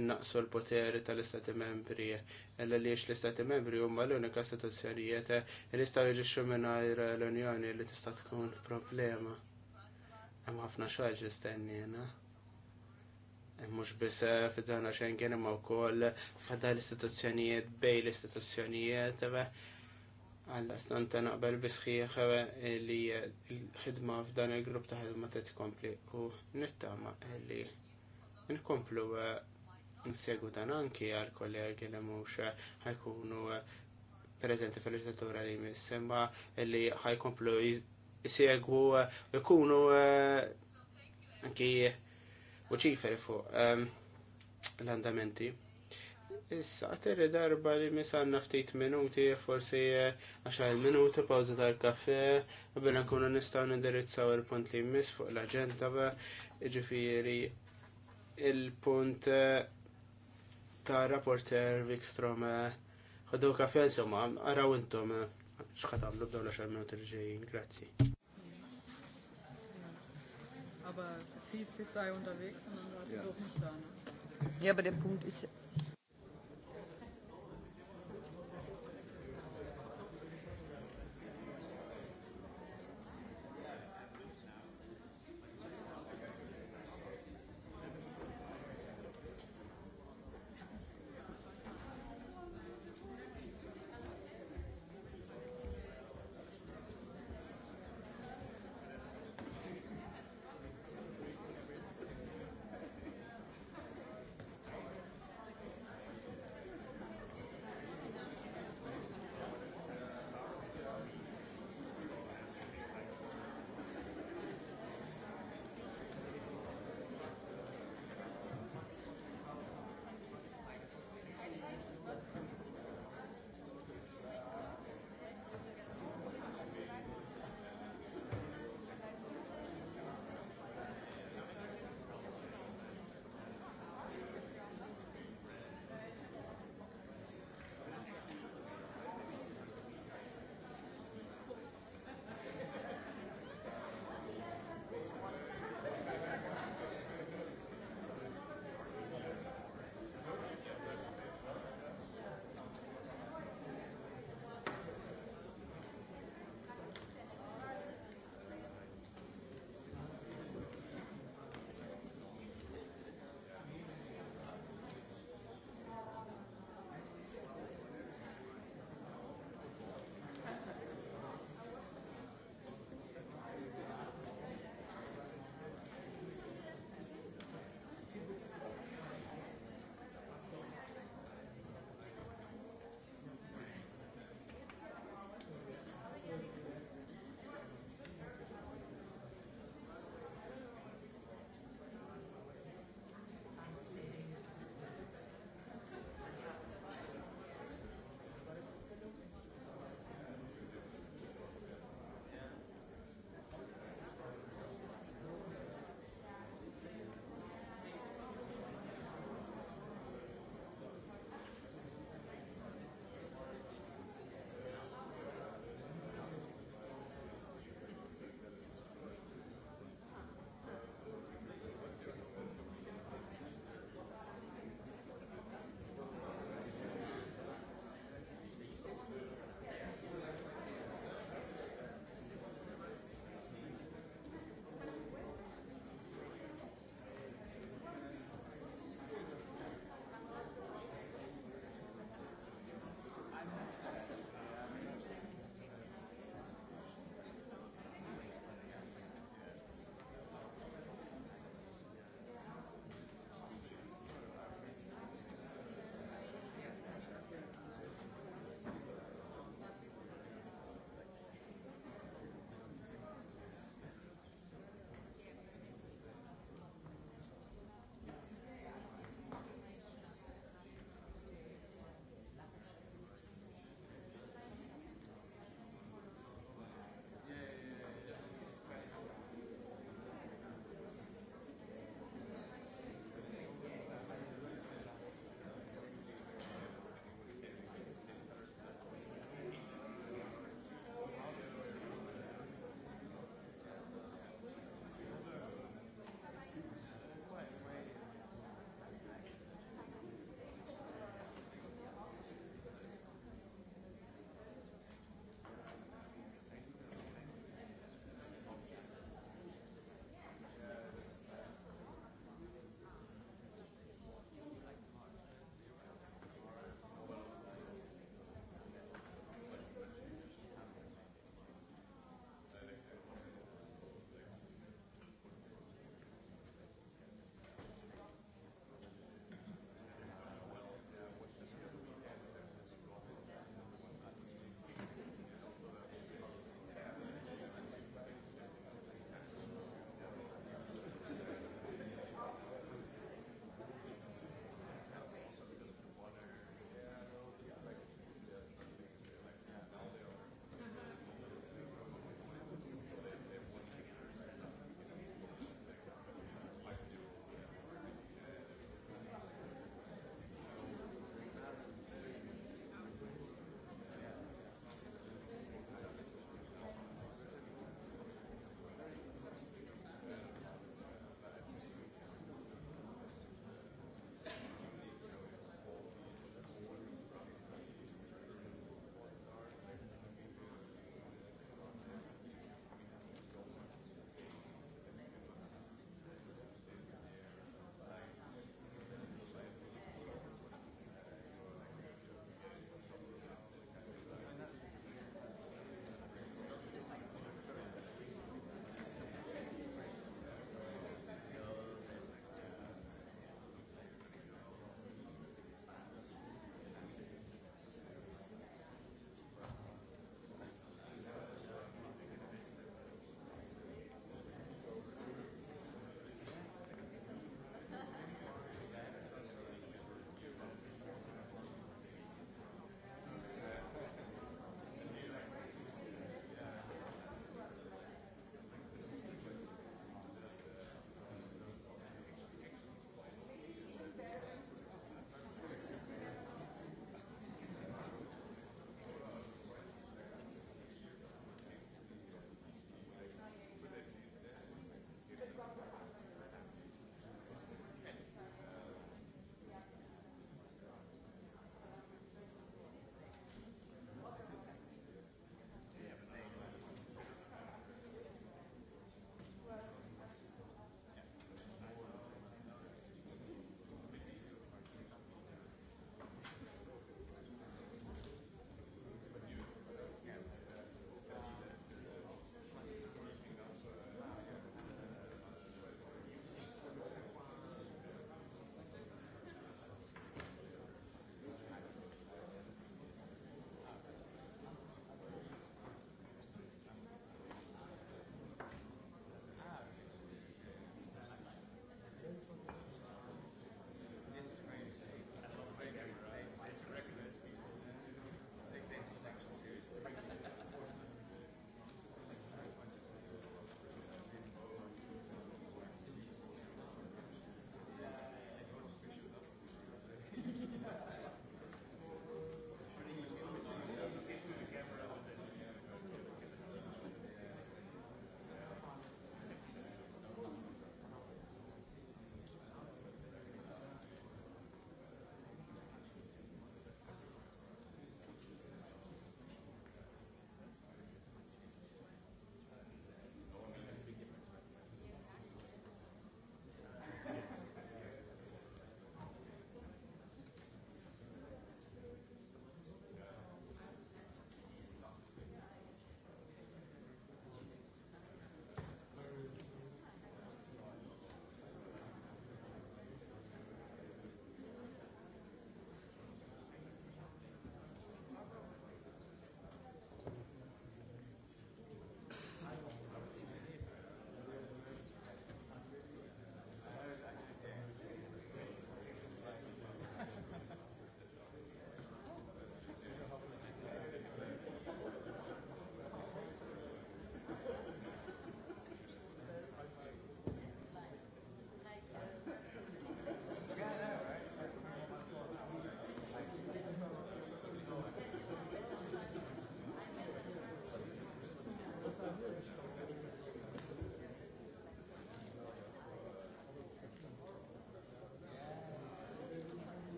innaqsu l-poteri tal-Istati Membri illa li l-Istati Membri huma l-unika istituzzjonijiet li jistgħu jiġixxu mingħajr l-Unjoni li tista' tkun problema. Hemm ħafna xogħol jistennina. Eh, mux bis eh, fid-żona Schengen imma wkoll fada l-istituzzjonijiet bej l-istituzzjonijiet eh, għalla stanta naqbel bisħiħ li l-ħidma f'dan il-grupp ta' ħidma ta' tkompli u nittama li nkomplu nsegu dan anki għal kollegi li mhux ħajkunu prezenti fil-leġislatura li mis imma li ħajkomplu jisegwu jkunu anki u ċiferi fuq ehm, l-andamenti. Issa għaterri darba li misan ftit minuti, forsi 10 eh, minuti, pawza tal-kaffe, għabena nkunu nistaw nindirizzaw il-punt li jmiss fuq l-agenda, ġifiri il-punt eh, ta' rapporter Vikstrom. Għaddu eh, kaffe, insomma, għaraw intom xħatablu b'dawla 10 minuti l-ġejjin, grazzi aber es hieß, sie sei unterwegs und dann war sie ja. doch nicht da. Ne? Ja, aber der Punkt ist,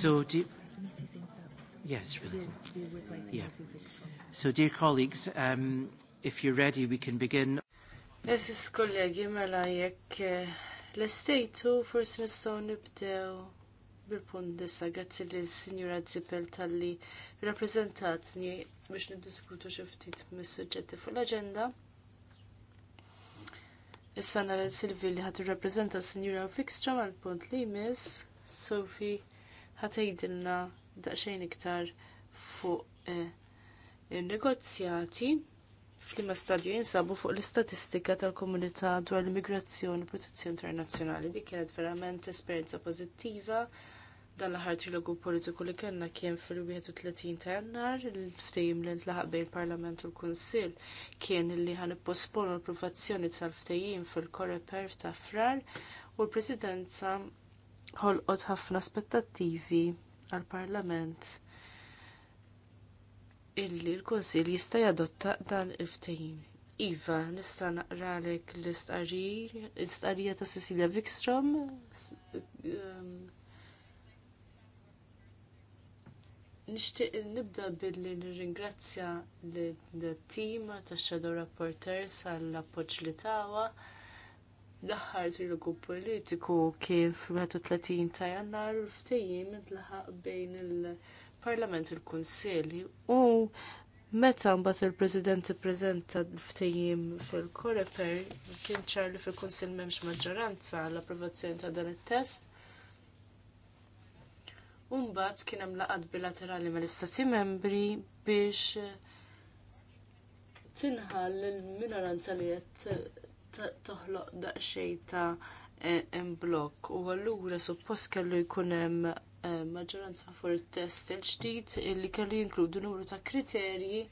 So, do, yes, really. Yeah. So, dear colleagues, um, if you're ready, we can begin. Eżis kollegi mela jekk eh, l-estejtu forsi nistgħu nibdew bil-punt disa grazzi li s-Sinjura Zippel tal-li rappresentatni biex niddiskutu xi ftit mis-suġġetti fuq l-aġenda. Issa nara Silvi li ħadd irrappreżenta s-Sinjura Fikstra mal-punt li jmiss Sophie ħatejdilna daqsxejn iktar fuq eh, il-negozjati fl-ima stadju jinsabu fuq l-istatistika tal-komunità dwar l-immigrazzjoni u protezzjoni internazzjonali. Dik kienet verament esperjenza pożittiva dan l-aħħar trilogu politiku li kellna kien fil-31 ta' jannar il ftejim li ntlaħaq bejn parlament u l-Kunsill kien li ħan posponu l-approvazzjoni tal-ftehim fil-Koreper ta' frar u l-Presidenza ħolqot ħafna aspettattivi għall parlament illi l kunsill jista' jadotta dan il-ftehim. Iva, nista' naqralek l-istqarrija ta' Cecilia Wikstrom ehm, nishtiq nibda billi nirringrazzja l-team ta' Shadow Rapporters għall appoġġ li tawa l-aħħar trilogu politiku kien fl 31 ta' jannar ftejjim intlaħaq bejn il-Parlament il kunsilli u meta mbagħad il-President ippreżenta ftejjim fil-Koreper kien ċar li fil-Kunsill m'hemmx maġġoranza l-approvazzjoni ta' dan it-test. U mbagħad kien hemm laqgħat bilaterali mal-Istati Membri biex tinħall il-minoranza li qed toħloq daqsxejn ta' e, blokk. u allura suppost kellu jkun hemm e, maġġoranza fuq it-test il-ġdid illi kellu jinkludu numru ta' kriterji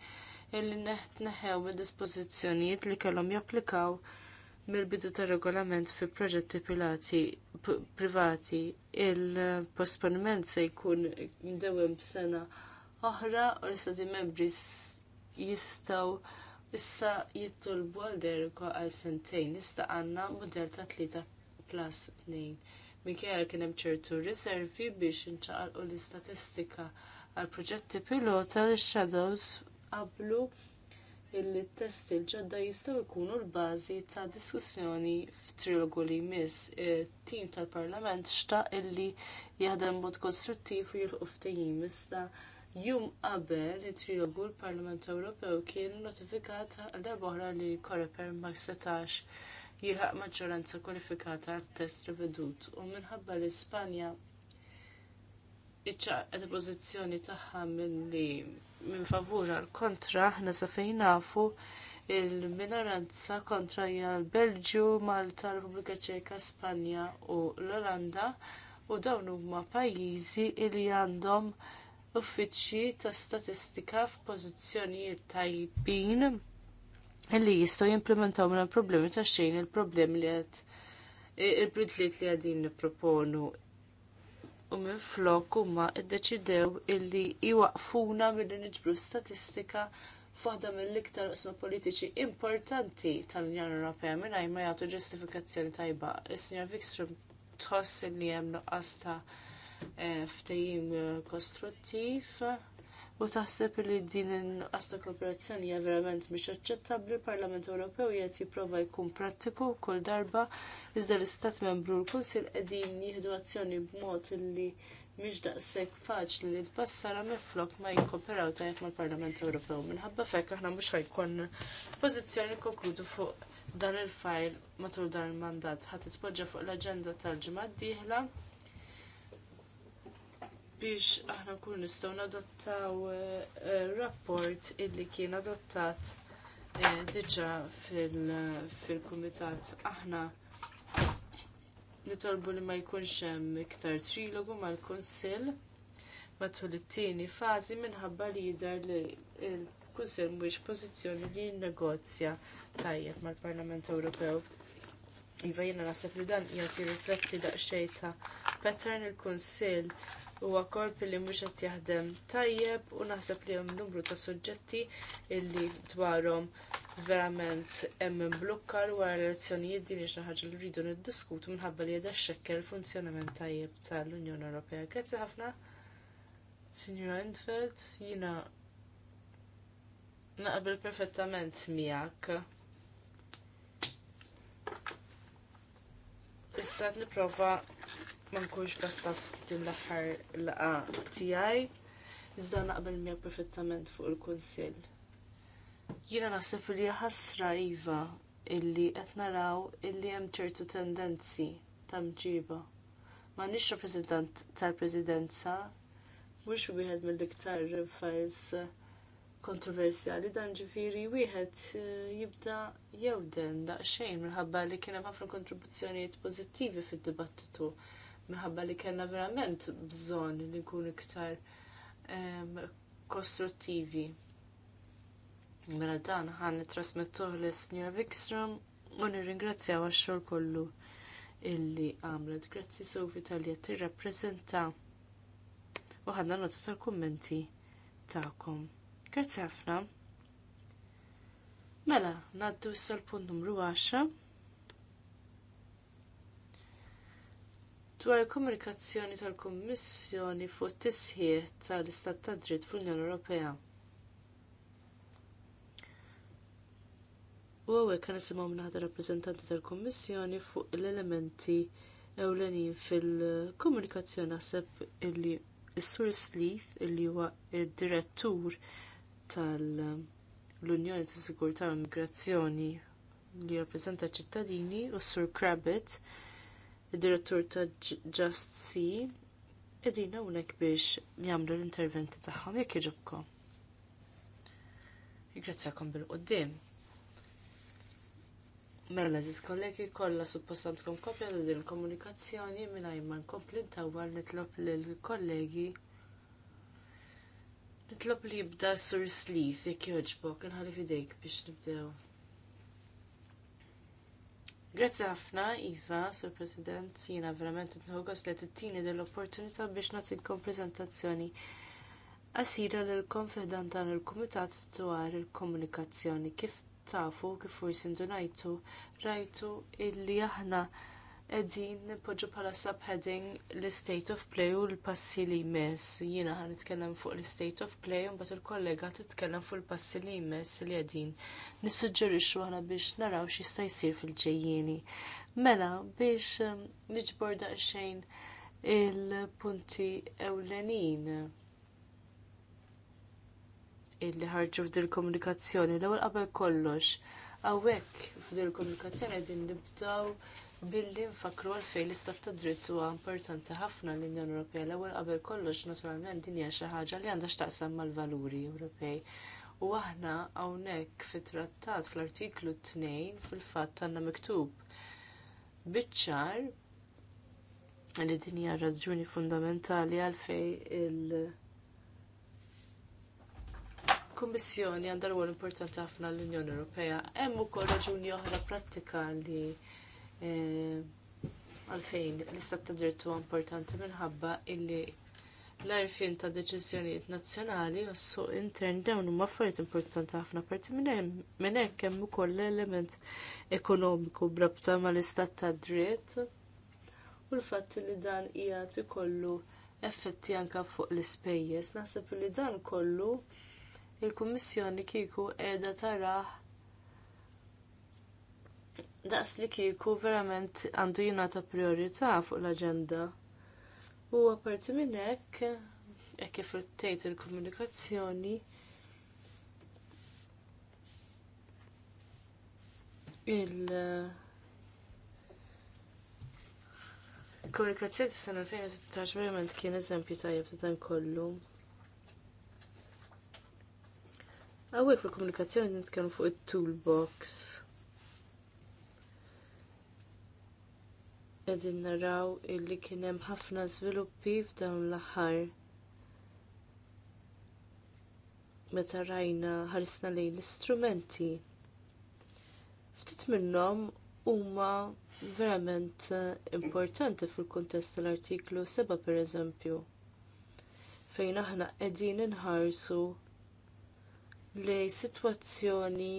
illi neħew mid-dispożizzjonijiet li kellhom japplikaw mill-bidu tar regolament fi proġetti privati. Il-posponiment se jkun mdewwem b'sena oħra u l-istati membri jistgħu issa jittolbu għal deriko għal sentejn, issa għandna mudell ta' 3 plus 2. Mikjel kien hemm ċertu riservi biex inċaqalqu l-istatistika għal proġetti pilota li shadows qablu illi t-test il-ġodda jistgħu jkunu l-bażi ta' diskussjoni f'trilogu li jmiss. Tim tal-Parlament xta' illi jaħdem mod kostruttiv u jilħu ftehim Jum qabel it-trilogu l-Parlament Ewropew kien notifikat għal darba oħra li Koreper ma setax jilħaq maġġoranza kwalifikata għat test revedut u minħabba li Spanja iċċaqet pożizzjoni tagħha minn favur għal kontra ħna sa fejn nafu il-minoranza kontra hija l-Belġju, Malta, Repubblika Ċeka, Spanja u l-Olanda u dawn huma pajjiżi li għandhom uffiċċji ta' statistika f'pożizzjonijiet tajbin li jistgħu jimplementaw minn problemi ta' xejn il-problemi li qed il-bridliet li għadin niproponu u minn flok huma ddeċidew illi iwaqfuna milli niġbru statistika f'waħda mill-iktar osma' politiċi importanti tal-Unjoni Ewropea mingħajr ma jagħtu ġustifikazzjoni tajba. Is-Sinjor Vikstrom tħoss li hemm nuqqas ta' Eh, ftehim eh, kostruttiv u taħseb li din għasta ta' kooperazzjoni hija verament mhix aċċettabbli l-Parlament Ewropew qed jipprova jkun prattiku kull darba iżda l-Istat Membru l-Kunsil qegħdin jieħdu azzjoni b'mod li mhix daqshekk faċli li tbassara miflok ma jikkoperaw tajjeb mal-Parlament Ewropew. Minħabba fekk aħna mhux ħajkun pożizzjoni konkludu fuq dan il-fajl matul dan il-mandat ħadd titpoġġa fuq l-aġenda tal-ġimgħa d-dieħla biex aħna nkunu nistgħu nadottaw eh, eh, rapport illi kien adottat eh, diġà fil-kumitat aħna nitolbu li ma jkunx hemm iktar trilogu mal-kunsill matul it-tieni fażi minħabba li jidher li l-kunsill mhuwiex pożizzjoni li jinnegozja tajjeb mal-Parlament Ewropew. Iva jiena naħseb li dan qiegħed jirrifletti daqsxejn ta' pattern il-kunsill huwa korp li mhux qed jaħdem tajjeb u naħseb li hemm numru ta' suġġetti illi dwarhom verament hemm imblukkar wara l-elezzjonijiet din xi ħaġa li rridu niddiskutu minħabba li qiegħda xxekkel funzjonament tajjeb tal-Unjoni Ewropea. Grazzi ħafna. Signora Endfeld, jina naqbel perfettament miegħek. Istat niprofa ma nkunx bastas din l-aħħar laqa tiegħi, iżda naqbel miegħek perfettament fuq il-kunsill. Jiena naħseb li ħasra iva illi qed naraw illi hemm ċertu tendenzi ta' mġiba. M'għandniex rappreżentant tal-Presidenza mhux wieħed mill-iktar files kontroversjali dan ġifiri wieħed eh, jibda jewden daqsxejn minħabba li kien hemm ħafna kontribuzzjonijiet pożittivi fid-dibattitu minħabba li kellna verament bżonn li nkunu iktar kostruttivi. Mela dan ħan trasmettuh li Signora Wikström u nirringrazzjaw għax-xogħol kollu illi għamlet. Grazzi Sofi tal-li tirrappreżenta u ħadna notu tal-kummenti tagħkom. Grazzi ħafna. Mela, naddu issa l-punt numru 10 dwar il-komunikazzjoni tal-Kummissjoni fuq it tisħiħ tal-Istat ta' dritt fl-Unjoni Ewropea. U għawek kan nisimgħu minnaħda rappreżentanti tal-Kummissjoni fuq l-elementi ewlenin fil-komunikazzjoni naħseb illi s-Sur Slith illi huwa id-direttur tal-Unjoni tas Sigurtà u Immigrazzjoni li ċ ċittadini u s-Sur Krabbit id-direttur ta' Just See edin hawnhekk biex jagħmlu l-interventi tagħhom jekk jiġobkom. Ingrazzakom bil-qoddim. Mela, ziz kollegi kolla suppostantkom kopja ta' din komunikazzjoni minna ma nkompli ntawwa nitlob l-kollegi nitlob li jibda sur slith jek joġbok nħalli fidejk biex nibdew. Grazzi ħafna, Iva, Sur President, jina verament nħogos li t-tini dell-opportunità biex natilkom prezentazzjoni Asira l-kom fiħdan dan il-Kumitat dwar il-Komunikazzjoni. Kif tafu, kif forsi najtu, rajtu illi aħna edin nipoġġu bħala subheading l-state of play u l-passi li jmiss. Jiena ħan nitkellem fuq l-state of play u mbagħad il-kollega titkellem fuq il-passi li jmiss li qegħdin nissuġġerixxu aħna biex naraw x'ista' jsir fil-ġejjieni. Mela biex ehm, niġbor daqsxejn il-punti ewlenin illi ħarġu f'dil komunikazzjoni l-ewwel qabel kollox hawnhekk f'dil komunikazzjoni qegħdin nibdew billi nfakru għalfejn l-istat ta' dritt huwa importanti ħafna l-Unjoni Ewropea l-ewwel qabel kollox naturalment din hija xi ħaġa li għandha x'taqsam mal-valuri Ewropej. U aħna hawnhekk fit-trattat fl-artiklu 2 fil-fatt għandna miktub biċ-ċar li din hija raġuni fundamentali għalfejn il- Kummissjoni għandha rwol importanti ħafna l-Unjoni Ewropea. Hemm ukoll raġuni oħra prattika li Eh, għalfejn l-istat ta' drittu importanti minħabba illi l-arfin ta' deċiżjonijiet nazzjonali u suq intern dawn huma affarijiet importanti ħafna parti minn hekk hemm ukoll element ekonomiku brabta mal-istat ta' dritt u l-fatt li dan hija ikollu effetti anke fuq l-ispejjeż. Naħseb li dan kollu il-Kummissjoni kieku qiegħda taraħ daqs li kieku verament għandu jingħata priorità fuq l-aġenda. U apparti minn hekk, hekk kif tgħid il-komunikazzjoni, il- Komunikazzjoni ta' sena 2016 verament kien eżempju tajjeb ta' dan kollu. Għawek fil-komunikazzjoni nitkellmu fuq it toolbox qegħdin naraw illi kien hemm ħafna żviluppi f'dawn l-aħħar. Meta rajna ħarsna lejn l-istrumenti. Ftit minnhom huma verament eh, importanti fil-kuntest tal-artiklu 7 pereżempju fejn aħna qegħdin inħarsu lejn sitwazzjoni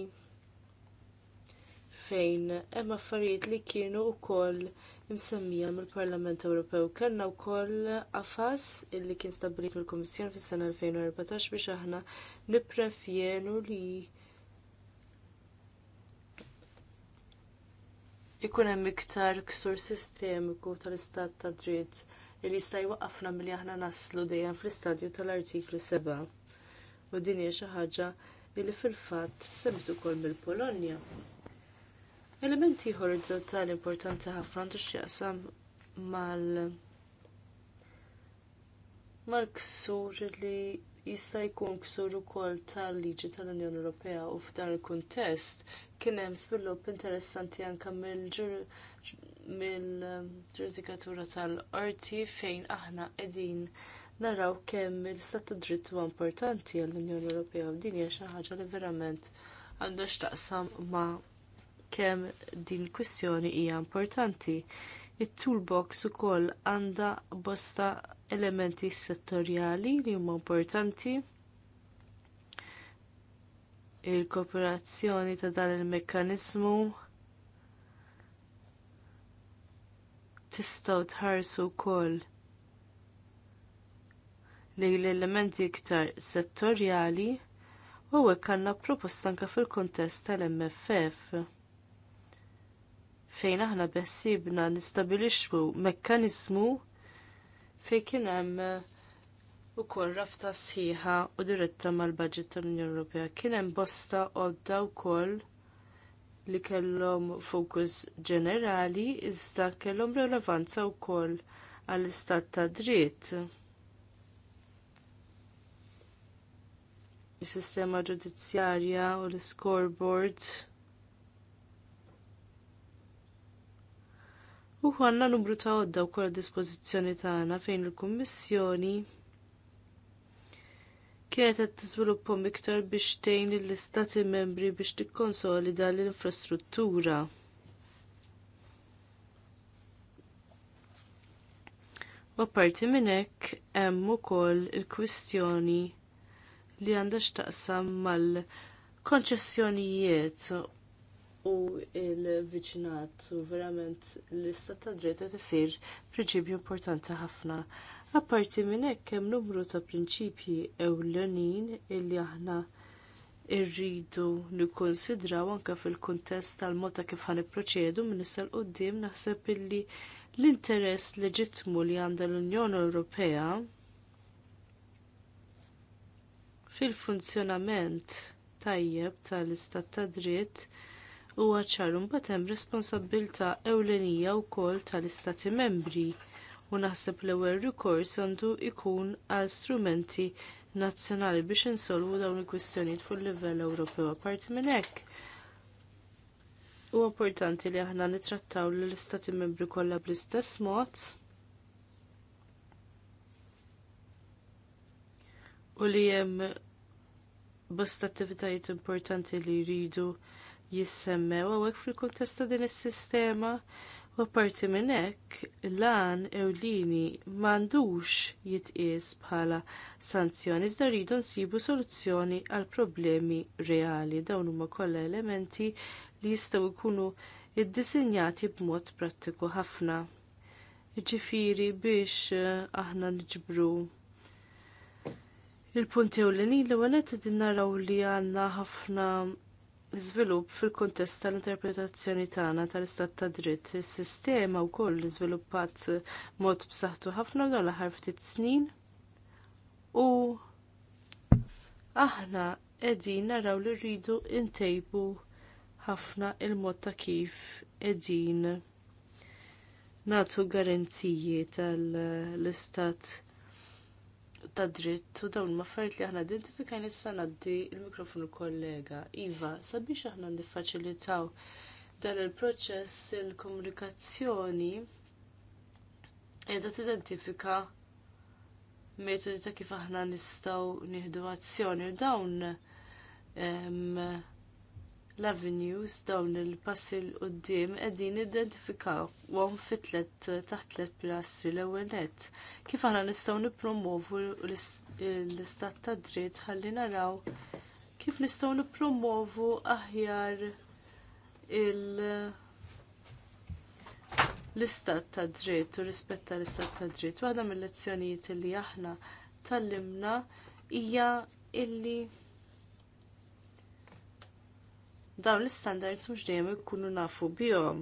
fejn hemm affarijiet li kienu wkoll imsemmija mill-Parlament Ewropew. Kellna wkoll afas illi kien stabbilit mill-Kummissjoni fis-sena 2014 biex aħna nipprevjenu li ikun hemm iktar ksur sistemiku tal-istat ta' dritt li jista' jwaqqafna milli aħna naslu dejjem fl-istadju tal-artiklu 7. U din hija xi ħaġa li fil-fatt semtu ukoll mill-Polonja. Elementi orizzontali importanti ħafna għandu x'jaqsam mal mal-ksur li jista' jkun ksur ukoll tal-liġi tal-Unjoni Ewropea u f'dan il-kuntest kien hemm svilupp interessanti anke mill ġurisdikatura tal-qorti fejn aħna qegħdin naraw kemm il-istat ta' dritt huwa importanti għall-Unjoni Ewropea u din hija xi ħaġa li verament għandha x'taqsam ma' kemm din il-kwistjoni hija importanti. It-toolbox ukoll għandha bosta elementi settorjali li huma importanti il-kooperazzjoni ta' dan il-mekkanizmu tistgħu tħarsu wkoll li l-elementi iktar settorjali u hekk għandna proposta anke fil-kuntest tal-MFF fejn aħna bessibna nistabilixxu mekkaniżmu fejn kien hemm uh, ukoll rafta sħiħa u diretta mal-budget tal-Unjoni Ewropea. Kien hemm bosta għodda wkoll li kellhom fokus ġenerali iżda kellhom rilevanza wkoll għall-istat ta' dritt. Is-sistema ġudizzjarja u l-scoreboard U għanna numru ta' għodda u kolla dispozizjoni tagħna fejn il-Kummissjoni kienet qed tiżviluppom iktar biex tgħin lill-istati membri biex tikkonsolida l-infrastruttura. U parti minn hekk hemm ukoll il-kwistjoni li għandha x'taqsam mal-konċessjonijiet u il-viċinat u verament l-istat ta' dritt qed isir prinċipju importanti ħafna. Apparti minn hekk hemm numru ta' prinċipji ewlenin illi aħna irridu nikkonsidraw anke fil-kuntest tal mota kif ħaniproċedu minn issa l naħseb illi l-interess leġittmu li għandha l-Unjoni Ewropea fil-funzjonament tajjeb tal-istat ta' dritt huwa ċar mbagħad hemm responsabbilta ewlenija wkoll tal-Istati Membri u naħseb l-ewwel rikors għandu jkun għal strumenti nazzjonali biex insolvu dawn il-kwistjonijiet fuq livell Ewropew apparti minn hekk. Huwa importanti li aħna nittrattaw lill istati membri kollha bl-istess mod u li hemm bosta attivitajiet importanti li jridu jissemmew għawek fil kuntesta ta' din is-sistema u apparti minn hekk lan ewlieni m'għandux jitqies bħala sanzjoni iżda rridu nsibu soluzzjoni għal problemi reali dawn huma kollha elementi li jistgħu jkunu iddisinjati b'mod prattiku ħafna. Ġifiri biex eh, aħna niġbru il-punti u l-nil li għanet id-naraw li għanna ħafna l Iżvilupp fil-kuntest tal-interpretazzjoni tagħna tal-istat ta' dritt, is-sistema wkoll iżviluppat mod b'saħħtu ħafna dawn l-aħħar ftit snin. U aħna qegħdin naraw li rridu ntejbu ħafna il-mod ta' kif qegħdin nagħtu garanziji tal-istat ta' dritt u dawn l-affarijiet li aħna identifikajn issa ngħaddi l-mikrofonu kollega. Iva, sabiex aħna niffaċilitaw dan il-proċess il-komunikazzjoni qiegħda tidentifika metodi ta' kif aħna nistgħu nieħdu azzjoni dawn l-avenues dawn il-passi l quddiem qegħdin identifikawhom fi tlet taħt tliet pilastri l-ewwel nett. Kif aħna nistgħu nippromovu l-istat ta' dritt ħalli naraw kif nistgħu nippromovu aħjar il- l-istat ta' dritt u rispetta l-istat ta' dritt. Waħda mill-lezzjonijiet li aħna tal-Limna hija illi dawn l-standards mhux dejjem ikunu nafu bihom.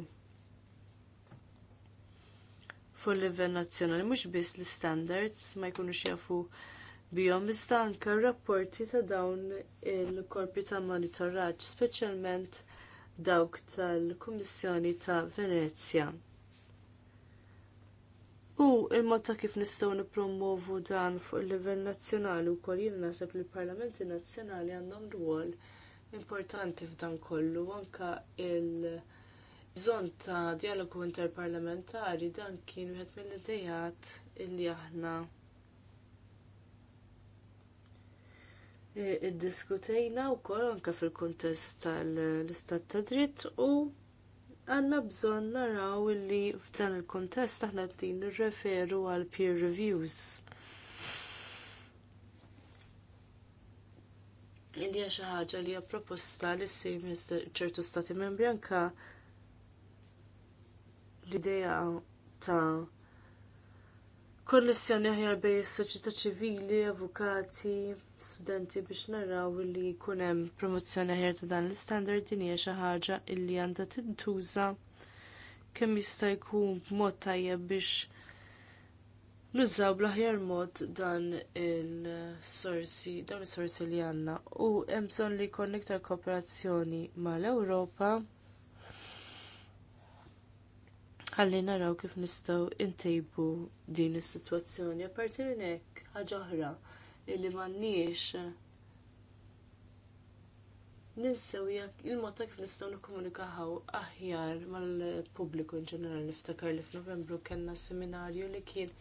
Fu livell nazzjonali mhux biss l-standards ma jkunux jafu bihom iżda anke r-rapporti ta' dawn il-korpi ta' monitoraġġ, speċjalment dawk tal-Kummissjoni ta' Venezja. U il-mod ta' kif nistgħu nippromovu dan fuq il-livell nazzjonali wkoll jien naħseb li l-Parlamenti Nazzjonali għandhom rwol importanti f'dan kollu anke il- Bżonn ta' dialogu interparlamentari dan kien wieħed mill-idejat illi aħna e, iddiskutejna wkoll anke fil-kuntest tal-istat ta' dritt u għandna bżonn naraw illi f'dan il-kuntest aħna qegħdin nirreferu għal peer reviews. Il hija xi ħaġa li hija proposta li ssir minn ċertu stati membri anke l-idea ta' konnessjoni aħjar bejn is-soċjetà ċivili, avukati, studenti biex naraw li jkun hemm promozzjoni aħjar ta' dan l standard din hija xi ħaġa li għandha tintuża kemm jista' jkun mod tajjeb biex nużaw bl-aħjar mod dan il-sorsi, dawn il-sorsi li għanna u emson li konnektar kooperazzjoni mal-Europa ħalli naraw kif nistaw intejbu din is-sitwazzjoni. Apparti minn hekk ħaġa oħra illi m'għandniex ninsew il-mod ta' kif nistgħu nikkomunikaw aħjar mal-pubbliku in ġenerali niftakar li f'Novembru kellna seminarju li kien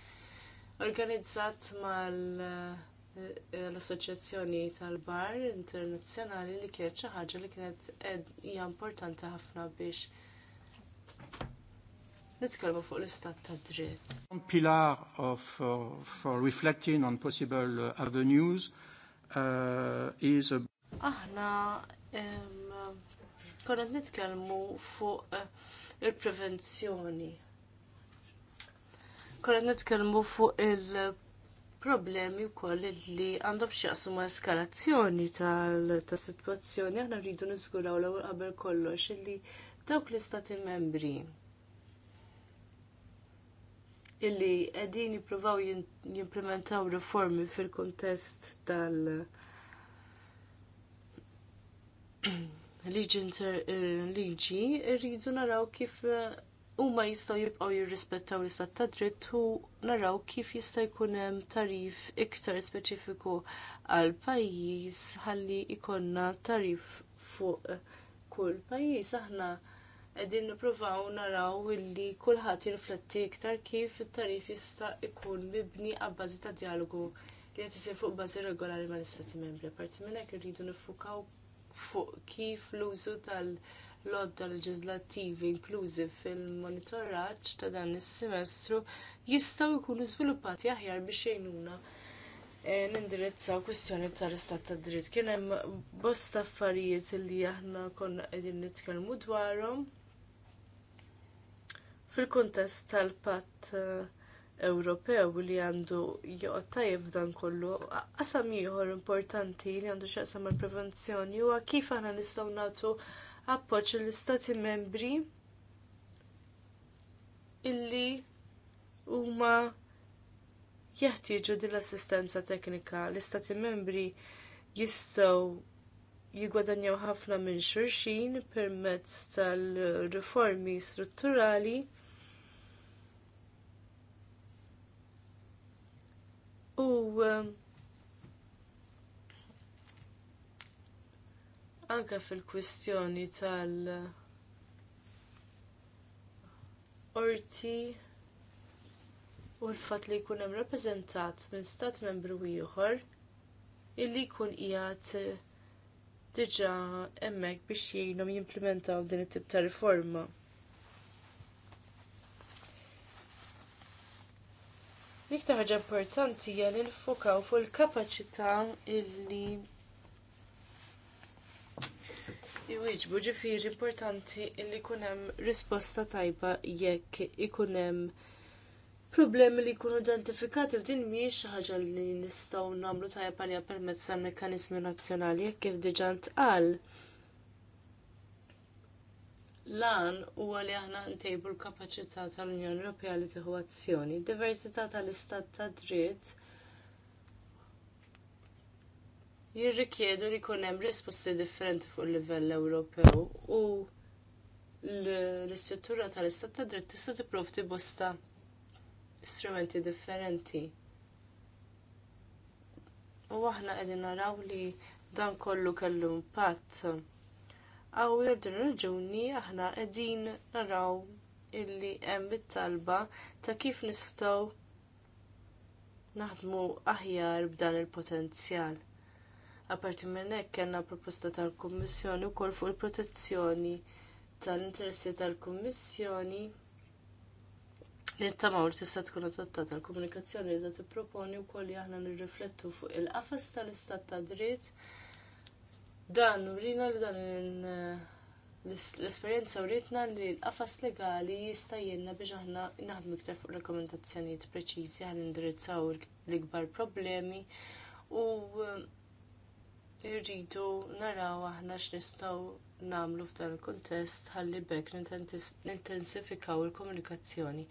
organizzat mal eh, l-Assoċjazzjoni tal-Bar Internazzjonali li kienet xi ħaġa li kienet eh, hija importanti ħafna biex nitkellmu fuq l-istat tad dritt. Pilar pillar of uh, for reflecting on possible uh, avenues uh, is a... Aħna um, konna nitkellmu fuq uh, il-prevenzjoni Kolla nitkellmu fuq il-problemi wkoll li għandhom x'jaqsmu eskalazzjoni tal-sitwazzjoni aħna rridu niżguraw l-ewwel qabel kollox illi dawk l-istati membri illi qegħdin jippruvaw jimplementaw riformi fil-kuntest tal- *clears throat* liġi eh, liġi rridu naraw kif huma jistgħu jibqgħu jirrispettaw l-istat ta' dritt u naraw kif jista' jkun hemm tarif iktar speċifiku għal pajjiż ħalli jkollna tarif fuq kull pajjiż aħna qegħdin nippruvaw naraw illi kulħadd jirfletti iktar kif it-tarif jista' jkun mibni għabbażi ta' dialogu li qed isir fuq bażi regolari mal-istati membri. Parti minn hekk irridu nifukaw fuq kif l-użu tal- l-odda leġislattivi inklużi fil-monitoraġġ ta' dan is-semestru jistgħu jkunu żviluppati aħjar biex jgħinuna eh, nindirizzaw kwistjoni tal-istat tad dritt. Kien hemm bosta affarijiet li aħna konna qegħdin nitkellmu dwarhom fil-kuntest tal-patt eh, Ewropew li għandu joqgħod tajjeb dan kollu, qasam ieħor importanti li għandu x'jaqsam mal-prevenzjoni huwa kif aħna nistgħu nagħtu appoġġ l-istati membri illi huma jeħtieġu din l-assistenza teknika. L-istati membri jistgħu jigwadanjaw ħafna minn xulxin permezz tal-riformi strutturali u um, anke fil-kwistjoni tal- orti u l-fatt li jkun hemm rappreżentat minn stat membru ieħor illi jkun qiegħed diġà hemmhekk biex jgħinhom jimplementaw din it-tip ta' riforma. L-iktar ħaġa importanti hija li nfokaw fuq il-kapaċità illi iwieġbu ġifiri importanti li jkun hemm risposta tajba jekk ikun hemm problemi li jkunu identifikati u din mhijiex xi ħaġa li nistgħu nagħmlu tajba li permezz tal mekkaniżmi nazzjonali jekk kif diġà ntqal lan huwa li aħna ntejbu l-kapaċità tal-Unjoni Ewropea li tieħu azzjoni. Diversità tal-istat ta' dritt jirrikjedu li jkun hemm risposti differenti fuq il-livell Ewropew u l-istruttura tal-istat ta' dritt tista' tipprovdi bosta strumenti differenti. U aħna qegħdin naraw li dan kollu kellu impatt. Għaw din raġuni aħna qegħdin naraw illi hemm it-talba ta' kif nistgħu naħdmu aħjar b'dan il-potenzjal. Apparti minn hekk kellna proposta tal-Kummissjoni wkoll fuq il-protezzjoni tal-interessi tal-Kummissjoni li t-tamaw li tista' tkun adottata l-komunikazzjoni li qed tipproponi wkoll li aħna nirriflettu fuq il-qafas tal-istat ta' dritt. Dan urina li dan l-esperjenza uritna li l-qafas legali jista' jenna biex aħna naħdmu iktar fuq rakkomandazzjonijiet preċiżi għal indirizzaw l-ikbar problemi u irridu naraw aħna x'nistgħu nagħmlu f'dan il-kuntest ħalli bekk nintensifikaw il-komunikazzjoni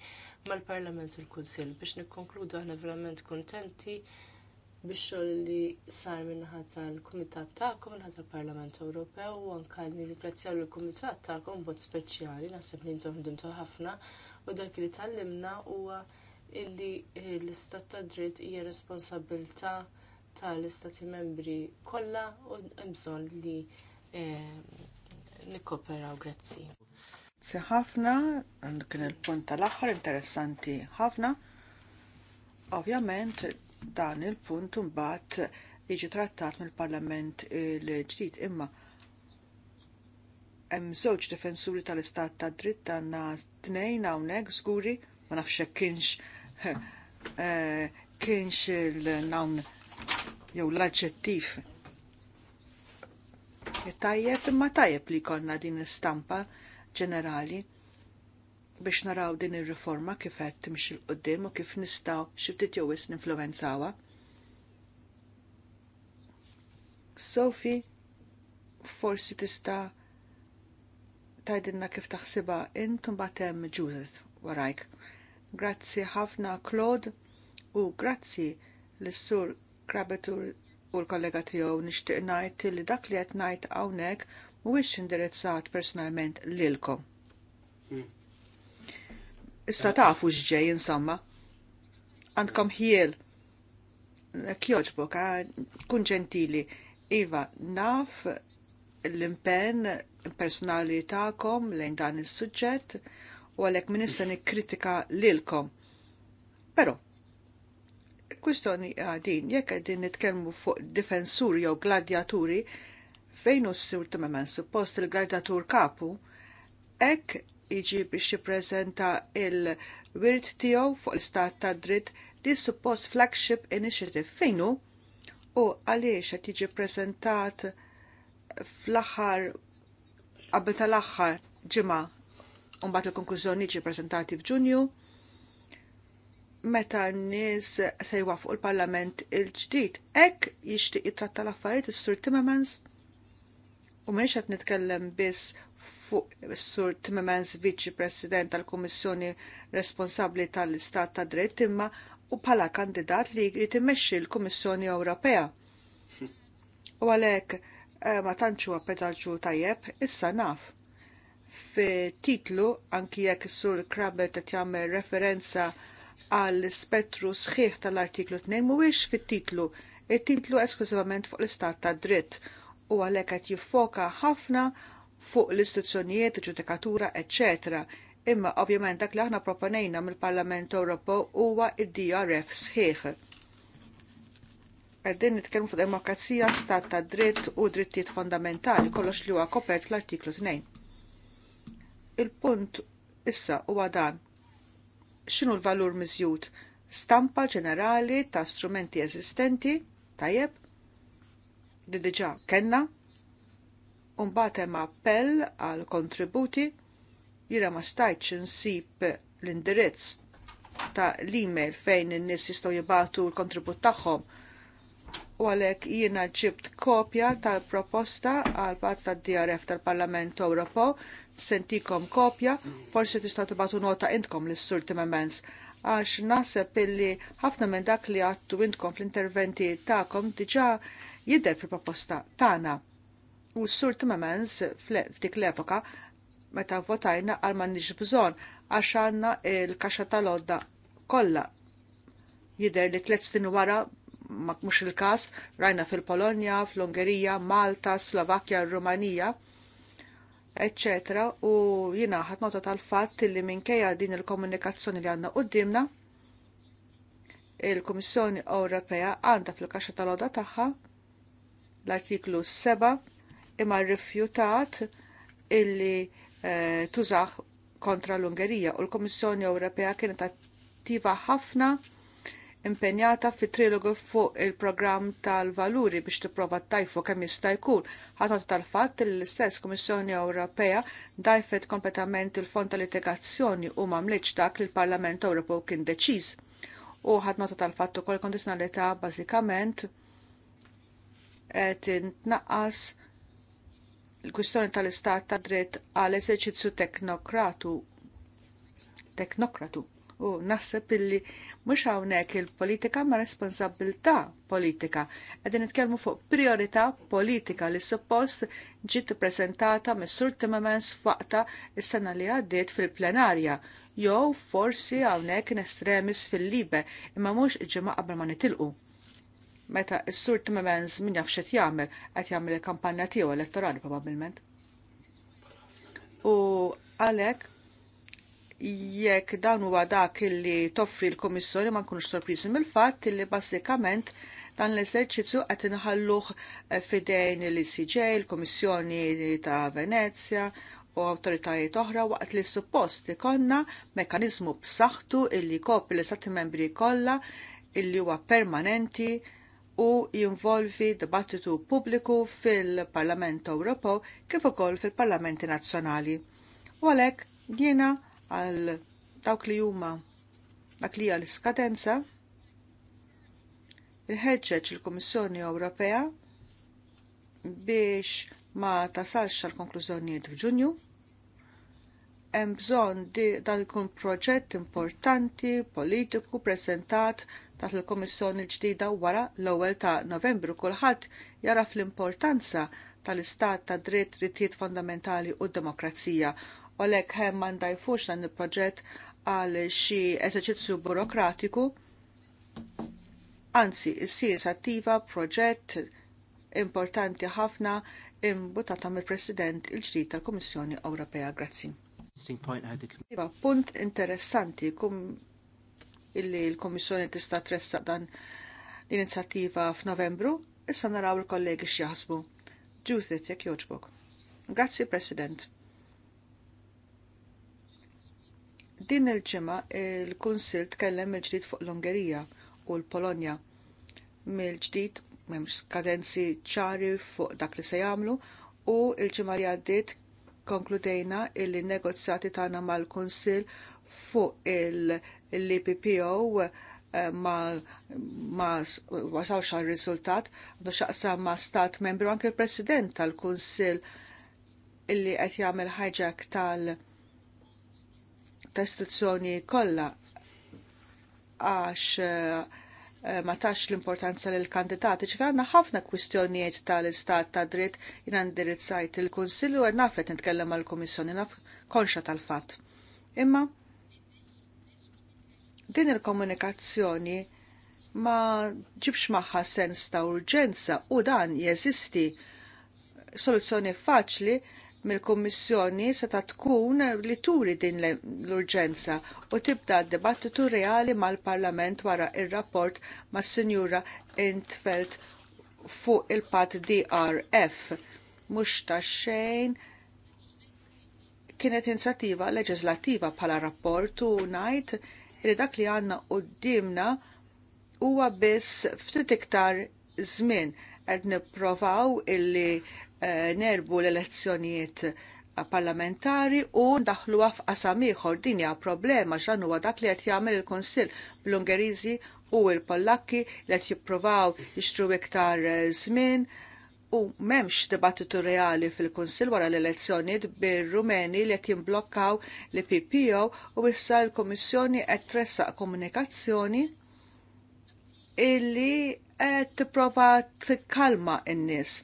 mal-Parlament u l-Kunsill biex nikkonkludu aħna verament kuntenti biex li sar minnaħa tal-Kumitat tagħkom minnaħa tal-Parlament Ewropew u anke nirringrazzjaw lill-Kumitat tagħkom b'mod speċjali naħseb li intom ħdimtu ħafna u dak li tallimna huwa illi l-istat ta' dritt hija responsabilità tal-istati membri kollha u hemm bżonn li eh, nikkoperaw grazzi. Se ħafna, kien il-punt tal-aħħar interessanti ħafna. Ovvjament dan il-punt mbagħad jiġi trattat mill-Parlament il-ġdid imma hemm żewġ difensuri tal-istat ta' dritt għandna tnejn hawnhekk żguri ma nafx kienx *laughs* eh, kienx il-nawn jew l-aġġettiv. Tajjeb imma tajjeb li konna din istampa ġenerali biex naraw din ir-riforma kif qed timxi l qudiem u kif nistgħu xi ftit jew wis ninfluwenzawha. Sofi forsi tista' tajdinna kif taħsiba mbagħad hemm Judith warajk. Grazzi ħafna Claude u grazzi l-sur krabet u l-kollega tiegħu nixtieq ngħid li dak li qed ngħid hawnhekk mhuwiex indirizzat personalment lilkom. Issa tafu x'ġej insomma. Għandkom hiel. kjoġbok, kun ġentili. Iva, naf l-impen personali ta'kom lejn dan il-sujġet u għalek minista nikkritika lilkom. Pero, Kwistjoni għadin, jekk għadin nitkellmu fuq difensuri jew gladjaturi, fejn s-sur timemen suppost il-gladjatur kapu, ek iġi biex jipprezenta il-wirt tiegħu fuq l-istat ta' dritt li suppost flagship initiative fejnu u għaliex qed jiġi prezentat fl-aħħar qabel tal-aħħar ġimgħa u mbagħad il-konklużjoni ġi prezentati f'Ġunju meta n-nies se jwafqu l-Parlament il-ġdid. Ek jixtieq jitratta l-affarijiet is-Sur Timmermans u mhux qed nitkellem biss fuq is-Sur Timmermans Viċi President tal-Kummissjoni Responsabbli tal-Istat ta' Dritt imma u bħala kandidat li jrid immexxi l-Kummissjoni Ewropea. U għalhekk eh, ma tantx huwa pedalġu tajjeb, issa naf. Fi titlu anki jekk is-Sur Krabbet qed jagħmel referenza għal spettru sħiħ tal-artiklu 2 mhuwiex fit-titlu, it-titlu esklusivament fuq l-istat ta' dritt u għalhekk qed jiffoka ħafna fuq l-istituzzjonijiet, il ġudikatura, etc. Imma ovvjament dak li aħna proponejna mill-Parlament Ewropew huwa id-DRF sħiħ. Għeddin nitkellmu fuq demokrazija, stat ta' dritt u drittijiet fondamentali kollox li huwa kopert fl-artiklu 2. Il-punt issa huwa dan x'inhu l-valur miżjud stampa ġenerali ta' strumenti eżistenti tajjeb li diġà kenna Umbat hemm appell għal kontributi jira ma stajtx insib l-indirizz ta' l-email fejn in-nies jistgħu jibatu l-kontribut tagħhom u għalhekk jiena ġibt kopja tal-proposta għal pat tad-DRF tal-Parlament Ewropew, sentikom kopja, forsi tista' tibatu nota intkom lis sur Timmermans għax naħseb illi ħafna minn dak li għattu intkom fl-interventi tagħkom diġa' jidher fil-proposta tagħna. U s-sur Timmermans f'dik l-epoka meta votajna għal m'għandniex bżonn għax għandna l kaxa tal-odda kollha. Jidher li tliet snin wara ma mhux il-każ rajna fil-Polonja, fl-Ungerija, Malta, Slovakkja, Rumanija, eccetera. u jiena ħat nota tal-fatt li minkejja din il-komunikazzjoni li għandna qudiemna il-Kummissjoni Ewropea għandha fil-kaxxa tal-oda tagħha l-artiklu 7 imma rrifjutat illi e, eh, tużaħ kontra l-Ungerija u l-Komissjoni Ewropea kienet attiva ħafna impenjata fit trilogu fuq il-programm tal-valuri biex tipprova tajfu kemm jista' jkun. Ħadd tal-fatt li l-istess Kummissjoni Ewropea dajfet kompletament il-fond tal-litigazzjoni u m'għamlitx dak li l-Parlament Ewropew kien deċiż. U ħadd nota tal-fatt ukoll kondizzjonalità bażikament qed intnaqqas il-kwistjoni tal-istat ta' dritt għal eżerċizzju teknokratu teknokratu u nasib illi mhux hawnhekk il-politika ma' responsabilità politika. Qegħdin nitkellmu fuq priorità politika li suppost ġiet ippreżentata mis-Sur Timmermans faqta s sena li għaddiet fil-plenarja jew forsi hawnhekk in estremis fil-libe imma mhux ġemma qabel ma nitilqu meta s surti Timmermans min jaf xed jagħmel qed jagħmel il-kampanja tiegħu elettorali probabbilment. U għalek jekk dan huwa dak illi toffri l-Komissjoni ma nkunux sorpriżi mill-fatt illi bażikament dan l-eżerċizzju qed inħalluh eh, fidejn l-ICJ, l-Komissjoni ta' Venezia u awtoritajiet oħra waqt li suppost ikonna mekanizmu b'saħħtu illi kopri l-istati membri kollha illi huwa permanenti u jinvolvi dibattitu pubbliku fil-Parlament Ewropew kif ukoll fil-Parlamenti Nazzjonali. U għalhekk jiena għal dawk li huma dak li l-iskadenza irħeġġeġ il-Kummissjoni Ewropea biex ma tasalx għal konklużjonijiet f'Ġunju. Hemm bżonn dan ikun proġett importanti, politiku, presentat taħt il-Kommissjoni l-ġdida wara l-ewwel ta' Novembru kulħadd jaraf l-importanza tal-istat ta' dritt drittijiet fondamentali u d-demokrazija Olek hemm ma ndajfux dan il-proġett għal xi eżerċizzju burokratiku. Anzi, issir sattiva proġett importanti ħafna imbutata mill-President il-ġdid tal-Kummissjoni Ewropea. Grazzi. Iva, punt interessanti kum illi l komissjoni tista' tressaq dan l-inizjattiva f'Novembru, issa naraw il-kollegi x'jaħsbu. Judith, jekk jogħġbok. Grazzi, President. Din il-ġimgħa il-Kunsill tkellem il-ġdid fuq l-Ungerija u l-Polonja. Mill-ġdid m'hemmx skadenzi ċari fuq dak li se jagħmlu u l-ġimgħa li għaddiet konkludejna n negozjati tagħna mal-Kunsill fuq il-LPPO eh, ma ma wasawx għal riżultat għandu xaqsa ma stat membru anke il-President tal-Kunsill illi qed jagħmel hijack tal-, -kunsil, ta' kollha għax eh, eh, ma tax l-importanza l kandidati ċifra għanna ħafna kwistjonijiet tal-istat ta' dritt jina ndirizzajt il-Konsilju għed nafet nitkellem għal-Komissjoni naf konxa tal-fat. Imma din il-komunikazzjoni ma ġibx maħħa sens ta' urġenza u dan jeżisti soluzzjoni faċli mill-Kummissjoni seta' tkun li turi din l-urġenza u tibda d-dibattitu reali mal-Parlament wara r rapport mas sinjura Intfeld fuq il-pat DRF. Mhux ta' xejn kienet inizjattiva leġislattiva bħala rapport u ngħid li dak li għandna quddiemna huwa biss ftit iktar żmien qed nipprovaw illi Eh, nerbu l-elezzjonijiet parlamentari u ndaħlu għaf asamiħor din hija problema x'dan huwa dak li qed jagħmel il-Kunsill bl-Ungeriżi u l-Pollakki li qed jippruvaw jixtru iktar eh, żmien u memx dibattitu reali fil kunsill wara l elezzjonijiet bir-Rumeni li qed jimblokkaw l ppo u issa l-Kummissjoni qed tressaq komunikazzjoni illi qed tipprova tkalma in nies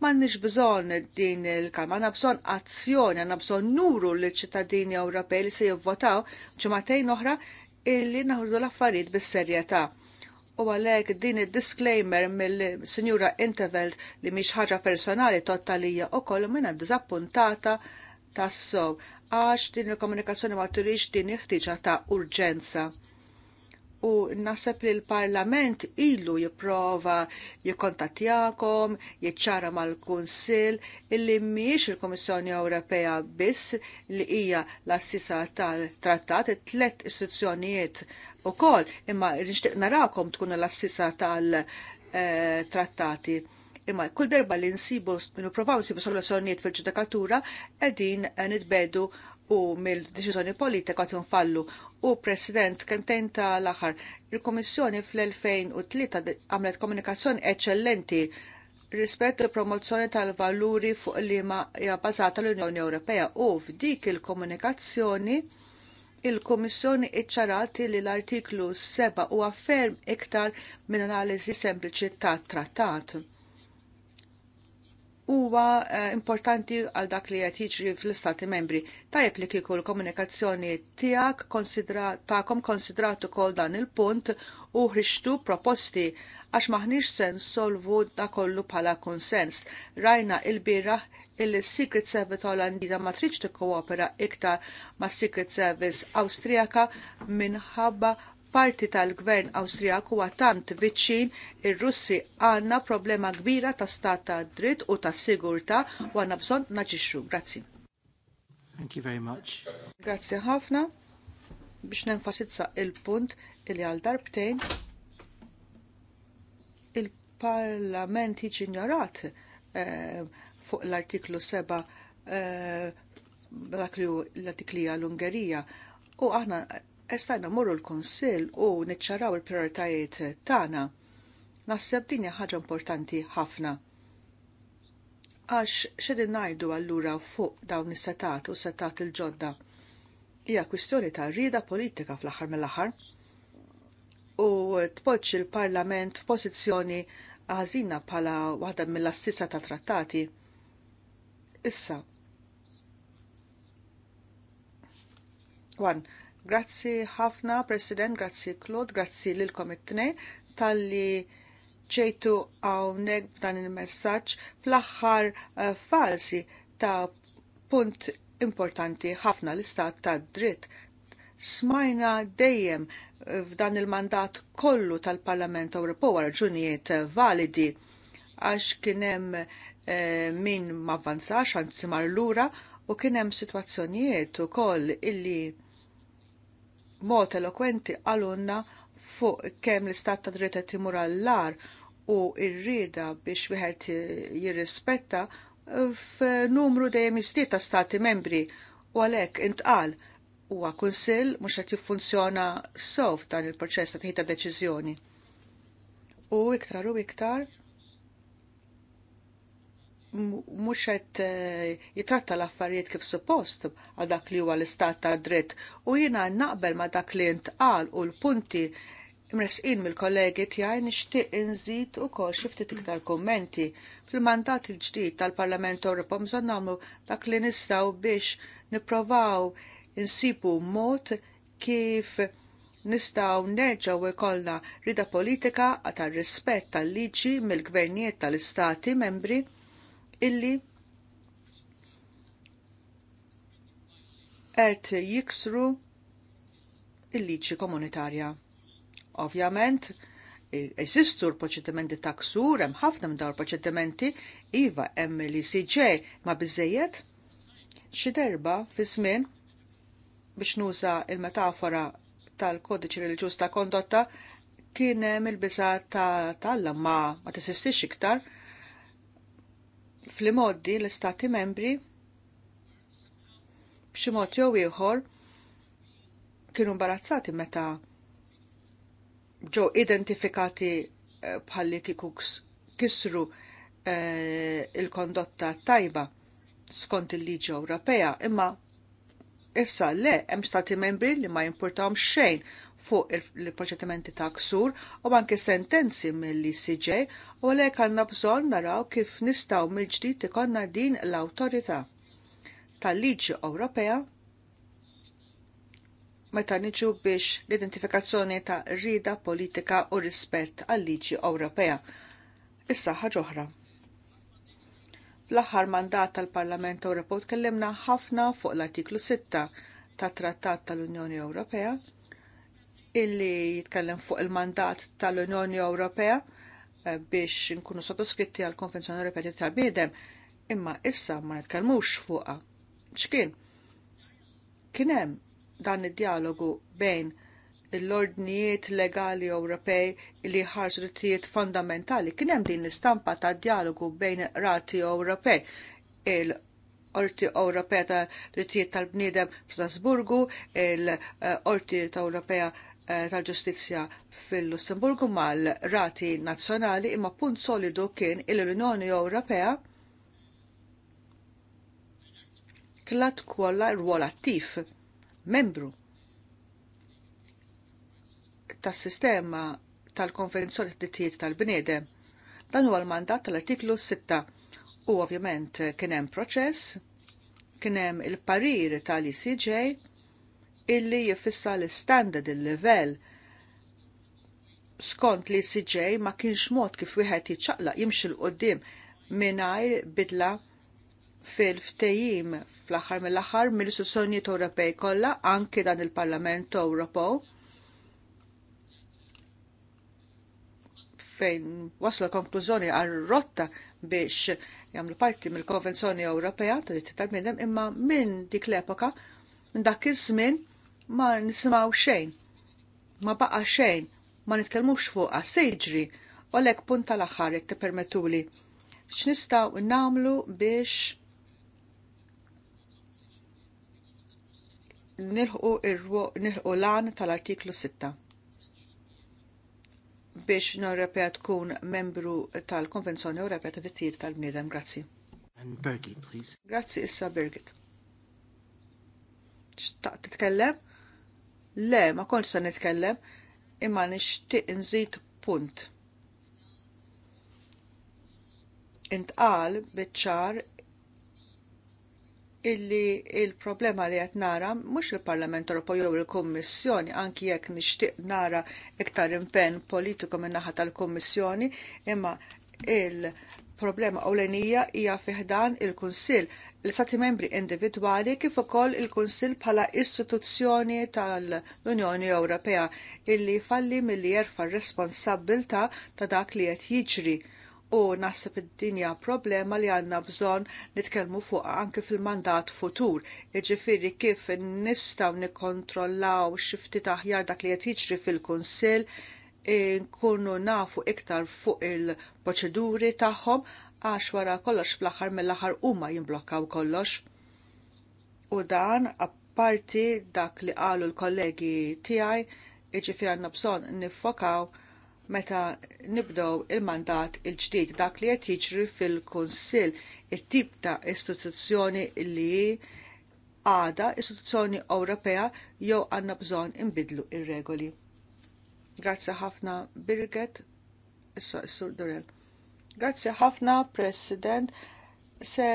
nix bżonn din il-kalma, għanna bżonn azzjoni, għanna bżonn nuru li ċittadini Ewropej li se jivvotaw ġimagħtejn oħra illi naħdu l-affarijiet bis-serjetà. U għalhekk din id-disclaimer mill-Sinjura Intervelt li mhix ħaġa personali tottalija koll minna dizappuntata tas-sow għax din il-komunikazzjoni ma turix din iħtiġa ta' urġenza u nasab li l-Parlament ilu jiprova jikontattjakom, jiċċara mal-Kunsil, illi miex il-Komissjoni Ewropea biss li hija l-assisa tal-trattat, tlet istituzzjonijiet u kol, imma nishtiq narakom tkun l-assisa tal-trattati. Eh, imma kull darba li nsibu, nipprovaw nsibu soluzzjonijiet fil-ġudikatura, edin nitbedu u mill-deċiżjoni politika fallu u President kemtejn tal-aħħar. il komissjoni fl-2003 għamlet komunikazzjoni eċċellenti rispettu il promozzjoni tal-valuri fuq li ma hija l-Unjoni Ewropea u f'dik il-komunikazzjoni il-Kummissjoni iċċarati li l-artiklu 7 huwa ferm iktar minn analiżi sempliċi tat-trattat huwa eh, importanti għal dak li qed jiġri fl-Istati Membri. Tajjeb li kieku l-komunikazzjoni tiegħek konsidra, tagħkom konsidrat ukoll dan il-punt u ħriġtu proposti għax maħniex sen solvu da kollu bħala konsens. Rajna il bira il-Secret Service Olandida ma triċ tikkoopera iktar ma' Secret Service Awstrijaka minħabba parti tal-gvern Awstrijak huwa tant viċin ir-Russi għandna problema kbira ta' stat ta' dritt u ta' sigurtà u għandna bżonn naġixxu. Grazzi. Thank you very much. Grazzi ħafna biex nenfasizza il-punt li għal darbtejn il-parlament jiġi ignorat eh, fuq l-artiklu 7 eh, l-artikli għall-Ungerija u aħna estajna morru l-Konsil u niċċaraw il-prioritajiet tagħna. Naħseb din hija ħaġa importanti ħafna. Għax xedin ngħidu allura fuq dawn is-setat u setat il-ġodda. Hija kwistjoni ta' rida politika fl-aħħar mill-aħħar. U tpoġġi il-Parlament f'pożizzjoni għażina bħala waħda mill-assissa ta' trattati. Issa, Wan, Grazzi ħafna, President, grazzi Claude, grazzi lilkom it-tnejn tal-li ċejtu għawnek b'dan il-messagġ fl-axħar uh, eh, falsi ta' punt importanti ħafna l-istat ta' dritt. Smajna dejjem eh, f'dan il-mandat kollu tal-Parlament Ewropew għal raġunijiet validi għax kienem e, eh, min ma' avvanzax, għan lura u kienem situazzjonijiet u koll illi mod elokwenti għalunna fuq kemm l-istat ta' dritta timur għall-lar u rrieda biex wieħed jirrispetta f'numru dejjem iżdied ta' stati membri u għalhekk intqal huwa kunsill mhux qed jiffunzjona sof dan il-proċess ta' tħita deċiżjoni. U iktar u iktar mhux qed eh, jitratta l-affarijiet kif suppost għal dak li huwa l-istat ta' dritt u jiena naqbel ma' dak li ntqal u l-punti mresqin mill-kollegi tiegħi nixtieq inżid ukoll xi ftit iktar kummenti. Fil-mandat il-ġdid tal-Parlament Ewropa bżonn nagħmlu dak li nistgħu biex nipprovaw insibu mod kif nistaw u ikolna rida politika għata rispett tal-liġi mill-gvernijiet tal-istati membri illi qed jiksru il-liċi komunitarja. Ovjament, Esistu l-proċedimenti ta' ksur, hemm ħafna minn dawn il-proċedimenti, iva hemm li CJ ma biżejjed xi derba fi żmien biex nuża il-metafora tal-kodiċi reliġjuż ta' kondotta kien hemm il-biża ta' talla ma ma tisistix iktar fl-imoddi l-Istati membri b'xi mod jew ieħor kienu imbarazzati meta ġew identifikati eh, bħalli kieku kisru eh, il-kondotta tajba skont il-liġi Ewropea, imma issa le hemm stati membri li ma jimpurtahom xejn fuq il-proċedimenti ta' ksur u anke sentenzi mill-ICJ u għalhekk għandna bżonn naraw kif nistgħu mill-ġdid ikonna din l-awtorità tal-liġi Ewropea meta niġu biex l-identifikazzjoni ta' rida politika u rispett għal-liġi Ewropea. Issa ħaġa oħra. Fl-aħħar mandat tal-Parlament Ewropew tkellimna ħafna fuq l-artiklu 6 tat Trattat tal-Unjoni Ewropea illi jitkellem fuq il-mandat tal-Unjoni Ewropea eh, biex nkunu sottoskritti għal konvenzjoni Ewropea tal-Bniedem, imma issa ma nitkellmux fuqha. X'kien? Kien hemm dan id-dialogu bejn l-ordnijiet legali Ewropej li ħarsu drittijiet fondamentali kien hemm din l-istampa ta' dialogu bejn rati Ewropej il-Orti Ewropea ta' drittijiet tal-bniedem f'Strasburgu, il-Orti ta' Ewropea Eh, tal-ġustizzja fil-Lussemburgu mal-rati nazzjonali imma punt solidu kien il-Unjoni Ewropea kella tkolla rwol attiv membru tas-sistema tal-Konvenzjoni t-tittijiet tal-bniedem. Dan huwa l-mandat tal-artiklu 6 u ovvjament kien hemm proċess, kien hemm il-parir tal-ICJ illi jifissa l-standard il-level skont li CJ ma kienx mod kif wieħed jiċċaqlaq jimxi l qoddim mingħajr bidla fil-ftejim fl-aħħar mill-aħħar mill-istituzzjonijiet Ewropej kollha anke dan il-Parlament Ewropew fejn waslu konklużjoni għal rotta biex jagħmlu parti mill-Konvenzjoni Ewropea tal diritti tal imma minn dik l-epoka minn dak iż-żmien ma nisimaw xejn, ma baqa xejn, ma nitkellmux fuq sejġri, u lek punt tal-axħar jek tippermettuli. X'nistgħu nagħmlu biex nilħu nilħu lan tal-artiklu 6 biex norrepet tkun membru tal-Konvenzjoni Ewropea ta' Dittijiet tal-Bniedem. Grazzi. And Birgit, please. Grazzi issa Birgit. Xtaq titkellem? Le, ma kontx se nitkellem, imma nixtieq nżid punt. Intqal biċ-ċar illi il-problema li qed nara mhux il-Parlament Ewropew jew il-Kummissjoni anki jekk nixtieq nara iktar impenn politiku min naħa tal-Kummissjoni imma il-problema ewlenija hija fiħdan il-Kunsill l sati membri individwali kif ukoll il-Kunsill bħala istituzzjoni tal-Unjoni Ewropea illi falli milli jerfa' r-responsabbilta ta' dak li qed jiġri u naħseb id-dinja problema li għanna bżon nitkellmu fuq anke fil-mandat futur. Iġifiri kif nistaw nikontrollaw xifti taħjar dak li qed jiġri fil-Kunsill, eh, nkunu nafu iktar fuq il-proċeduri tagħhom għax wara kollox fl-aħħar mill-aħħar huma jimblokkaw kollox. U dan apparti dak li qalu l-kollegi tiegħi jiġifieri għandna bżonn niffokaw meta nibdew il-mandat il-ġdid dak li qed jiġri fil-Kunsill it-tip ta' istituzzjoni li għada istituzzjoni Ewropea jew għandna bżonn inbidlu ir-regoli. Grazzi ħafna Birgit, issa s-Sur Durell. Grazzi ħafna, President. Se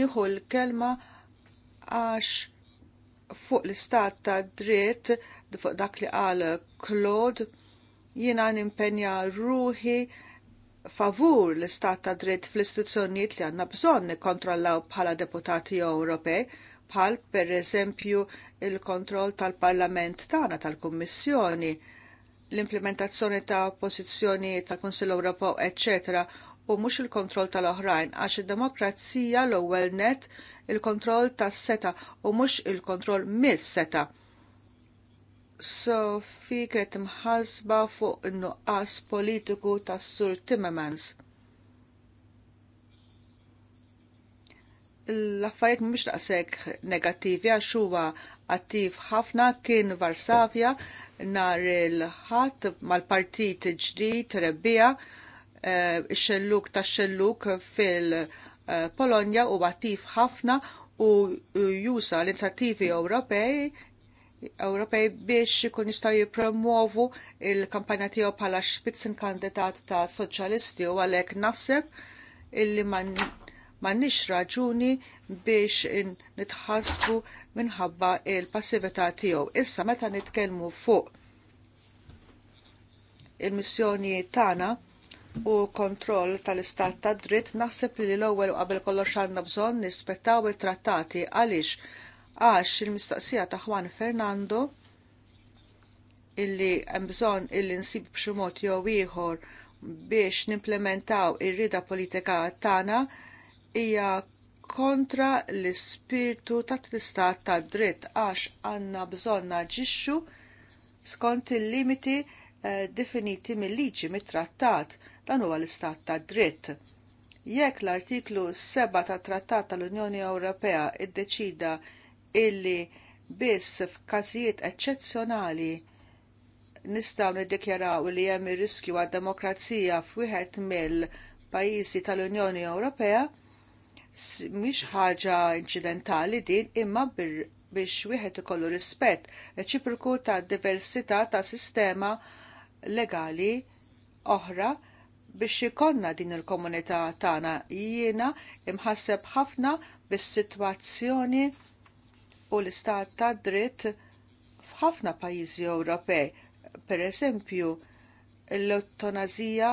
nieħu l-kelma għax fuq l-istat ta' dritt fuq dak li qal Claude jiena nimpenja ruħi favur l-istat ta' dritt fl-istituzzjonijiet li għandna bżonn nikkontrollaw bħala deputati Ewropej bħal per eżempju il-kontroll tal-Parlament tagħna tal-Kummissjoni l-implementazzjoni ta' pożizzjoni tal-Kunsill Ewropew, eċċetera, u mhux il-kontroll tal-oħrajn għax id-demokrazija l-ewwel net il-kontroll tas-seta u mhux il-kontroll mill-seta. So fi kret imħasba fuq in-nuqqas politiku tas-Sur Timmermans. L-affarijiet mhumiex daqshekk negattivi għax huwa attiv ħafna kien Varsavja nar il-ħat mal-partit ġdijt rebbija eh, xelluk ta' xelluk fil-Polonja u għatif ħafna u jusa l-inizjattivi Ewropej Ewropej biex ikun jistgħu jippromuovu l kampanja tiegħu bħala spitzen kandidat ta' soċjalisti u għalhekk naħseb illi man Ma nix raġuni biex nitħassbu minħabba il-passività tiegħu. Issa meta nitkellmu fuq il-missjoni tagħna u kontroll tal-istat ta' dritt naħseb li l-ewwel qabel kollox għandna bżonn nispettaw it-trattati għaliex għax il-mistaqsija ta' Juan Fernando illi hemm bżonn illi nsib b'xi mod jew ieħor biex nimplementaw ir-rida politika tagħna hija kontra l-ispirtu tat l-istat ta' dritt għax għanna bżon naġixxu skont il-limiti eh, definiti mill-liġi mit-trattat dan huwa l-istat ta' dritt. Jekk l-artiklu 7 ta' trattat tal-Unjoni Ewropea iddeċida illi biss f'każijiet eċċezzjonali nistgħu niddikjaraw li hemm ir-riskju għad-demokrazija f'wieħed mill-pajjiżi tal-Unjoni Ewropea, mhix ħaġa inċidentali din imma biex wieħed ikollu rispett reċiproku ta' diversità ta' sistema legali oħra biex ikonna din il-komunità tagħna jiena imħasseb ħafna bis-sitwazzjoni u l-istat ta' dritt f'ħafna pajjiżi Ewropej. Per eżempju, l-ottonazija,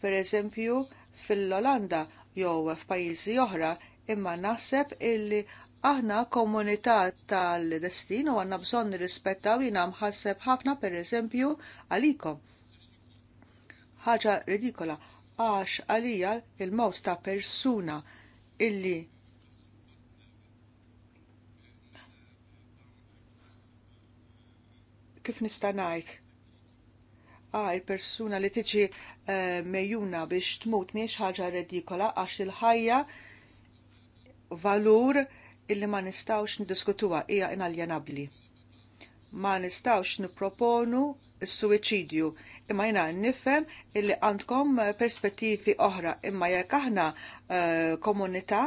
per eżempju, fil-Olanda jew f'pajjiżi oħra, imma naħseb illi aħna komunità tal-destin u għanna bżonn nirrispettaw jiena mħasseb ħafna pereżempju għalikom. Ħaġa ridikola għax għalija il mod ta' persuna illi kif nista' ngħid il-persuna li tiġi eh, mejuna biex tmut miex ħaġa redikola għax il-ħajja valur illi ma nistawx ndiskutuha hija inaljenabbli. Ma nistawx nipproponu s-suicidju imma jina nifem illi għandkom eh, perspettivi oħra imma jek aħna eh, komunità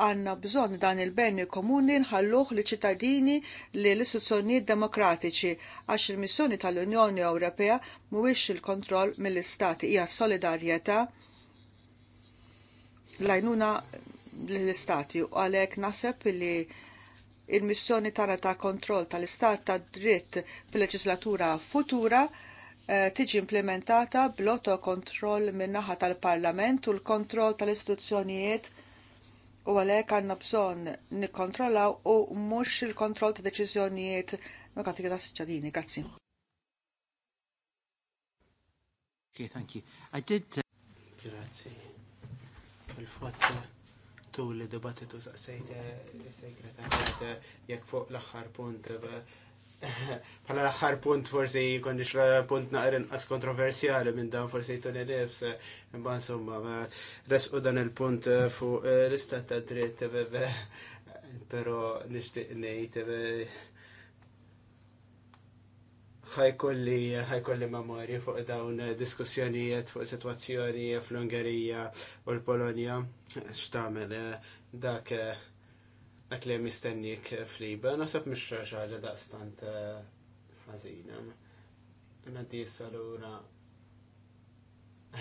għanna bżon dan il-beni komuni nħalluħ li ċittadini li l istituzzjoni demokratiċi għax il-missjoni tal-Unjoni Ewropea mhuwiex il-kontroll mill-istati hija solidarjetà lajnuna l-istati u għalhekk naħseb li il-missjoni tagħna ta' kontroll tal-istat ta' dritt fil-leġislatura futura eh, tiġi implementata bl-oto kontroll min-naħa tal-Parlament u l-kontroll tal-istituzzjonijiet u għalek għanna bżon nikkontrollaw u mux il-kontroll ta' deċizjonijiet ma' kati demokratika s-ċadini. Grazzi. Ok, thank you. I did uh, Grazzi. Il-fatt tu li dibattitu saqsejt eh, is-segretarjat eh, jek fuq l-aħħar punt eh, *laughs* Pala l-axħar punt forsi kondi punt naqrin as kontroversjali minn dan forsi jtun il-ifs. Imba insomma, resqu dan il-punt eh, fu eh, l-istat ta' dritt, eh, *laughs* pero nishtiq nejt. ħaj kolli memori fuq dawn diskussjonijiet fuq situazzjoni fl-Ungerija u l-Polonja. X'tagħmel dak dak li mistennik eh, fliba, naħseb mhux xi ħaġa daqstant eh, ħażina. Nadi salura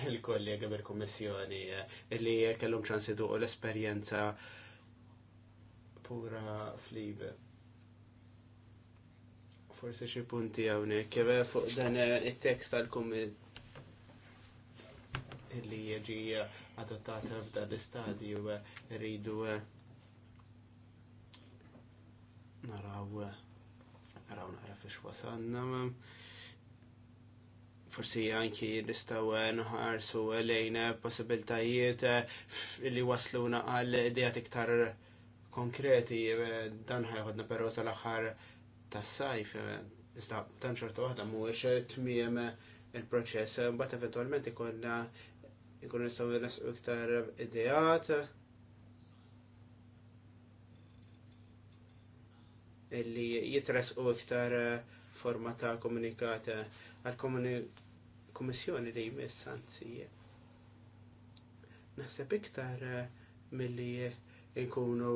il-kollega bil-kommissjoni eh, li kellum ċans iduqu l esperienza pura fliba. Forse xie punti hawnhekk kjeve fuq dan il tekst għal kummit li jieġi adottat f'dan l-istadju rridu naraw naraw naraw fiex wasanna forsi anki nistaw nħarsu lejn possibiltajiet eh, li wasluna għal idejat iktar konkreti dan ħajħodna però tal axar tas-sajf. Iżda dan xorta waħda mhuwiex tmiem il-proċess, mbagħad eventwalment ikollna ikun nistgħu nisqu iktar ideat. Illi jitres u iktar eh, forma ta' komunikata eh, għal-Komissjoni li jmiss anzi. Naħseb iktar eh, milli nkunu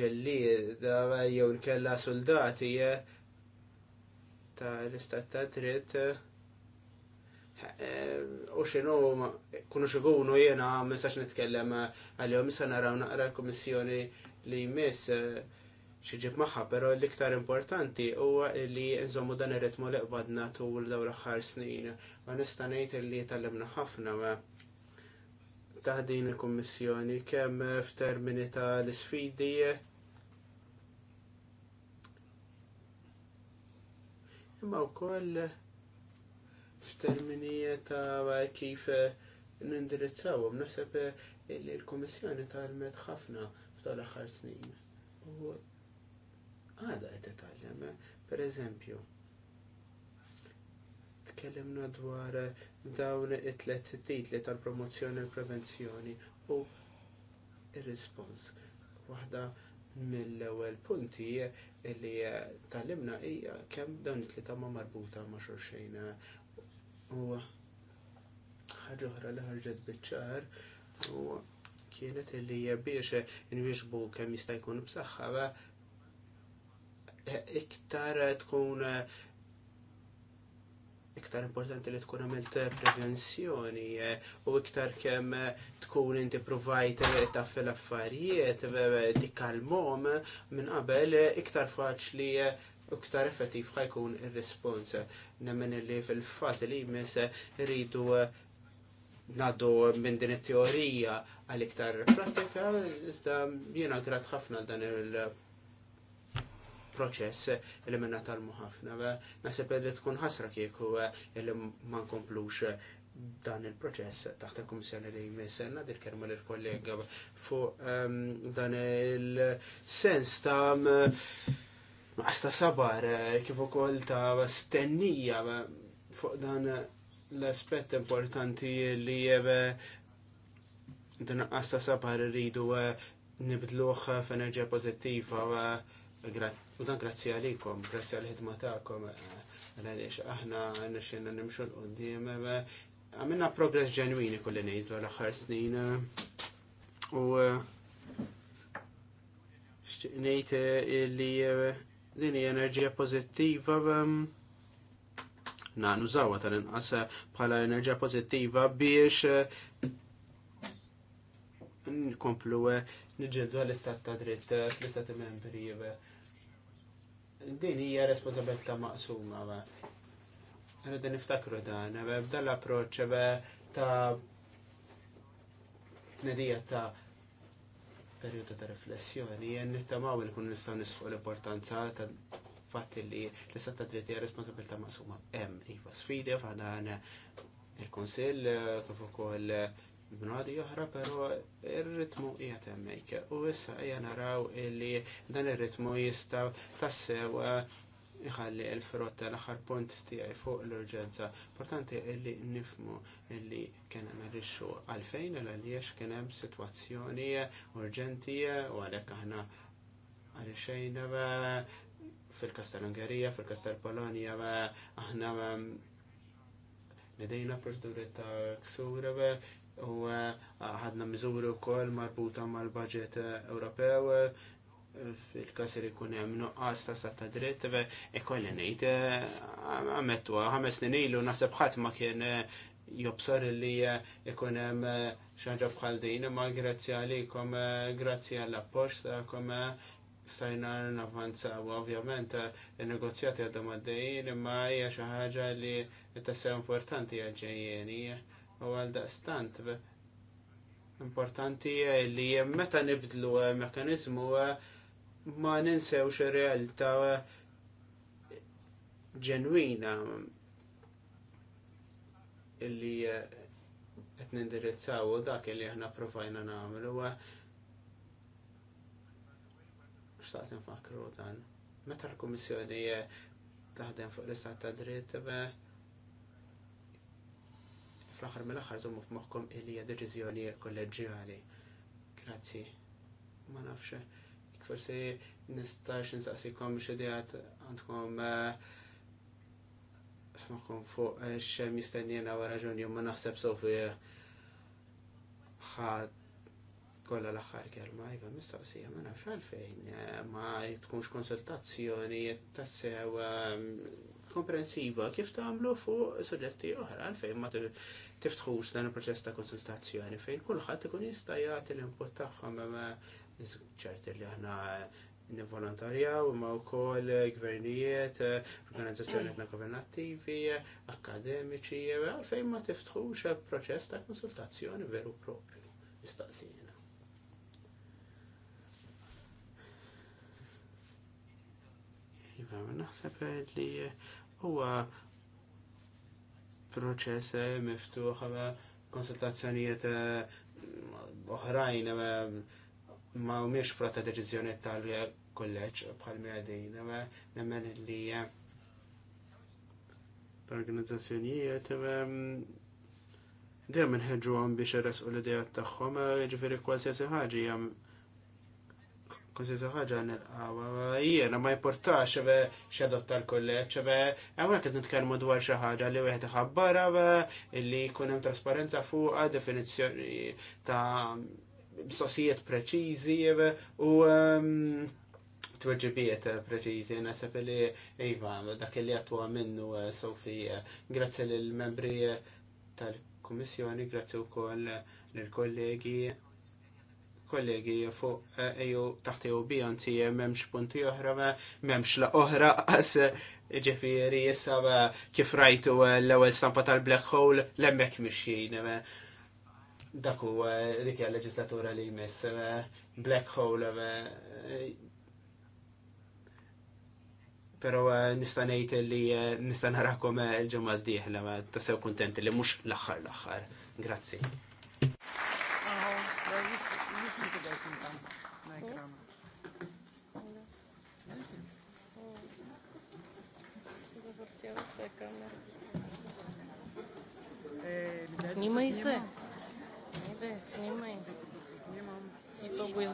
ġelli jew nkella soldati ta' l-istat ta' dritt u xinu kunu xigunu jena misax nitkellem għal-jom naraw naqra l-Komissjoni li jmiss xieġib maħħa, pero l-iktar importanti huwa li nżommu dan ir-ritmu li qbadna tul dawn l-aħħar snin. Ma nista' ngħid li tallimna ħafna ma ta' din il-Kummissjoni kemm f'termini ta' l-isfidi imma wkoll f'termini ta' kif nindirizzawhom naħseb li l-Kummissjoni talmet ħafna f'dan l-aħħar snin għada per eżempju, Pereżempju, tkellimna dwar dawn it-tlet titli tal-promozzjoni u prevenzjoni u il respons Waħda mill-ewwel punti li tallimna hija kemm dawn it-tlieta ma marbuta ma' xulxejn. U ħaġa oħra li ħarġet biċ-ċar u kienet li biex inwieġbu kemm jista' jkun b'saħħa iktar tkun iktar importanti li tkun għamilt prevenzjoni eh, u iktar kemm tkun inti provajt taf l-affarijiet dik eh, mom minn qabel eh, iktar faċli u iktar effettiv ħajkun ir-respons. Nemmen li fil-fazi li jmiss rridu naddu minn din it-teorija għal iktar pratika, iżda jiena grat ħafna dan il- proċess li minna talmu ħafna. Nasib li tkun ħasra kieku eh, li ma nkomplux eh, dan il-proċess taħt il-Kummissjoni li jmessenna dil kelma kollega fu ehm, dan il-sens ta' eh, Asta sabar, kif ukoll ta' stennija fuq dan l-aspett importanti li dan asta sabar rridu nibdluħ f'enerġija pozittiva grat U dan grazzi għalikom, grazzi għal-ħidma ta'kom, għalix aħna nixin nimxu l-qoddim, għamilna progress ġenwini kulli nejt l aħħar snin. U nejt eh, li eh, din enerġija pozittiva na nużawa tal-inqas eh, bħala enerġija pozittiva biex nkomplu nġildu għal-istat ta' dritt fl istat membri din hija responsabilità maqsuma. Rridu niftakru dan, f'dan l-approċċ ta' nedija ta' periodu ta' riflessjoni, jen nittamaw li kun nistaw nisfuq l-importanza ta' fatti li l-istat ta' dritti responsabilità maqsuma. Em, iva sfidi, fħana il-konsil, kif ukoll b'nadi oħra, pero il ritmu qiegħed emmek. U issa qiegħ naraw li dan ir-ritmu jistaw tassew iħalli il frott l aħħar punt tijaj fuq l-urġenza. Portanti illi nifmu illi kien naġixxu għalfejn l għaliex kien hemm sitwazzjoni urġenti u għalhekk aħna għalixejn fil-kas ungerija fil-kas tal-Polonja, aħna mm, nedejna proċeduri ta' ksura u eh, ħadna miżuri wkoll marbuta mal-budget eh, Ewropew eh, fil-kas li kun hemm nuqqas ta' dritt ta' e kolli ngħid għamettu ħames snin ilu naħseb ħadd ma kien jobsar li ikun hemm xaġa bħal din, ma grazzi għalikom, grazzi għall-appoġġ tagħkom stajna u ovvjament il-negozjati għadhom għaddejjin, imma hija xi ħaġa li tassew importanti għal ġejjeni. U għal daqstant, importanti li meta nibdlu eh, mekanizmu eh, ma ninsewx realtà eh, ġenwina illi qed nindirizzaw dak li aħna provajna nagħmlu xtaqt infakru dan. Meta l-Kummissjoni taħdem fuq l-istat ta' dritt, fl-aħħar mill-aħħar żommu f'moħħkom illi hija deċiżjoni kollegjali. Grazzi. Ma nafx, forsi nistax nsaqsikom xi ideat għandkom eh, f'moħħkom fuq eh, x'hemm jistennina wara ġunju ma naħseb sofi eh, ħadd kolla l-axħar kelma, jiva mistoqsija, ma nafx għalfejn, ma tkunx konsultazzjoni, tassew komprensiva kif tagħmlu fuq suġġetti oħra fejn ma tiftħux dan il-proċess ta' konsultazzjoni fejn kulħadd ikun jista' jagħti l-input tagħhom ċerti li aħna nivolontarjaw u wkoll gvernijiet, organizazzjoni na governattivi, akademiċi, għalfejn ma tiftħux proċess ta' konsultazzjoni veru propju mistaqsijina. Iva, naħseb li huwa proċess eh, miftuħ eh, konsultazzjonijiet eh, oħrajn ma mhumiex frotta deċiżjoni tal-kolleġġ bħal miegħdin, nemmen li l-organizzazzjonijiet dejjem inħeġġuhom biex iresqu l idejat tagħhom, jiġifieri kwalsiasi ħaġa Kosi zaħħaġa il qawa jiena ma jiportax xebe xedot tal-kolleġ, xebe għamlek qed nitkellmu dwar xi ħaġa li wieħed iħabbara illi jkun hemm trasparenza fuqha definizjoni ta' sosijiet preċiżi u ehm, tweġibiet preċiżi sepp li iva dak li għatwa minnu eh, Sofija, eh, grazzi lill membri eh, tal-Kummissjoni, grazzi wkoll lill kollegi kollegi fuq eju eh, taħt eju bijan għanti memx punti oħra, memx la oħra, għas *laughs* ġifiri jissa kif rajtu eh, l-ewel stampa tal-black hole lemmek emmek mixin. Eh, Daku dik leġislatura li jmiss black hole pero nista' ngħid li nista' narakom il-ġemma d-dieħla, sew kuntenti li mhux l-aħħar l-aħħar. Grazzi. Снимайся. Да, снимай. Снимам.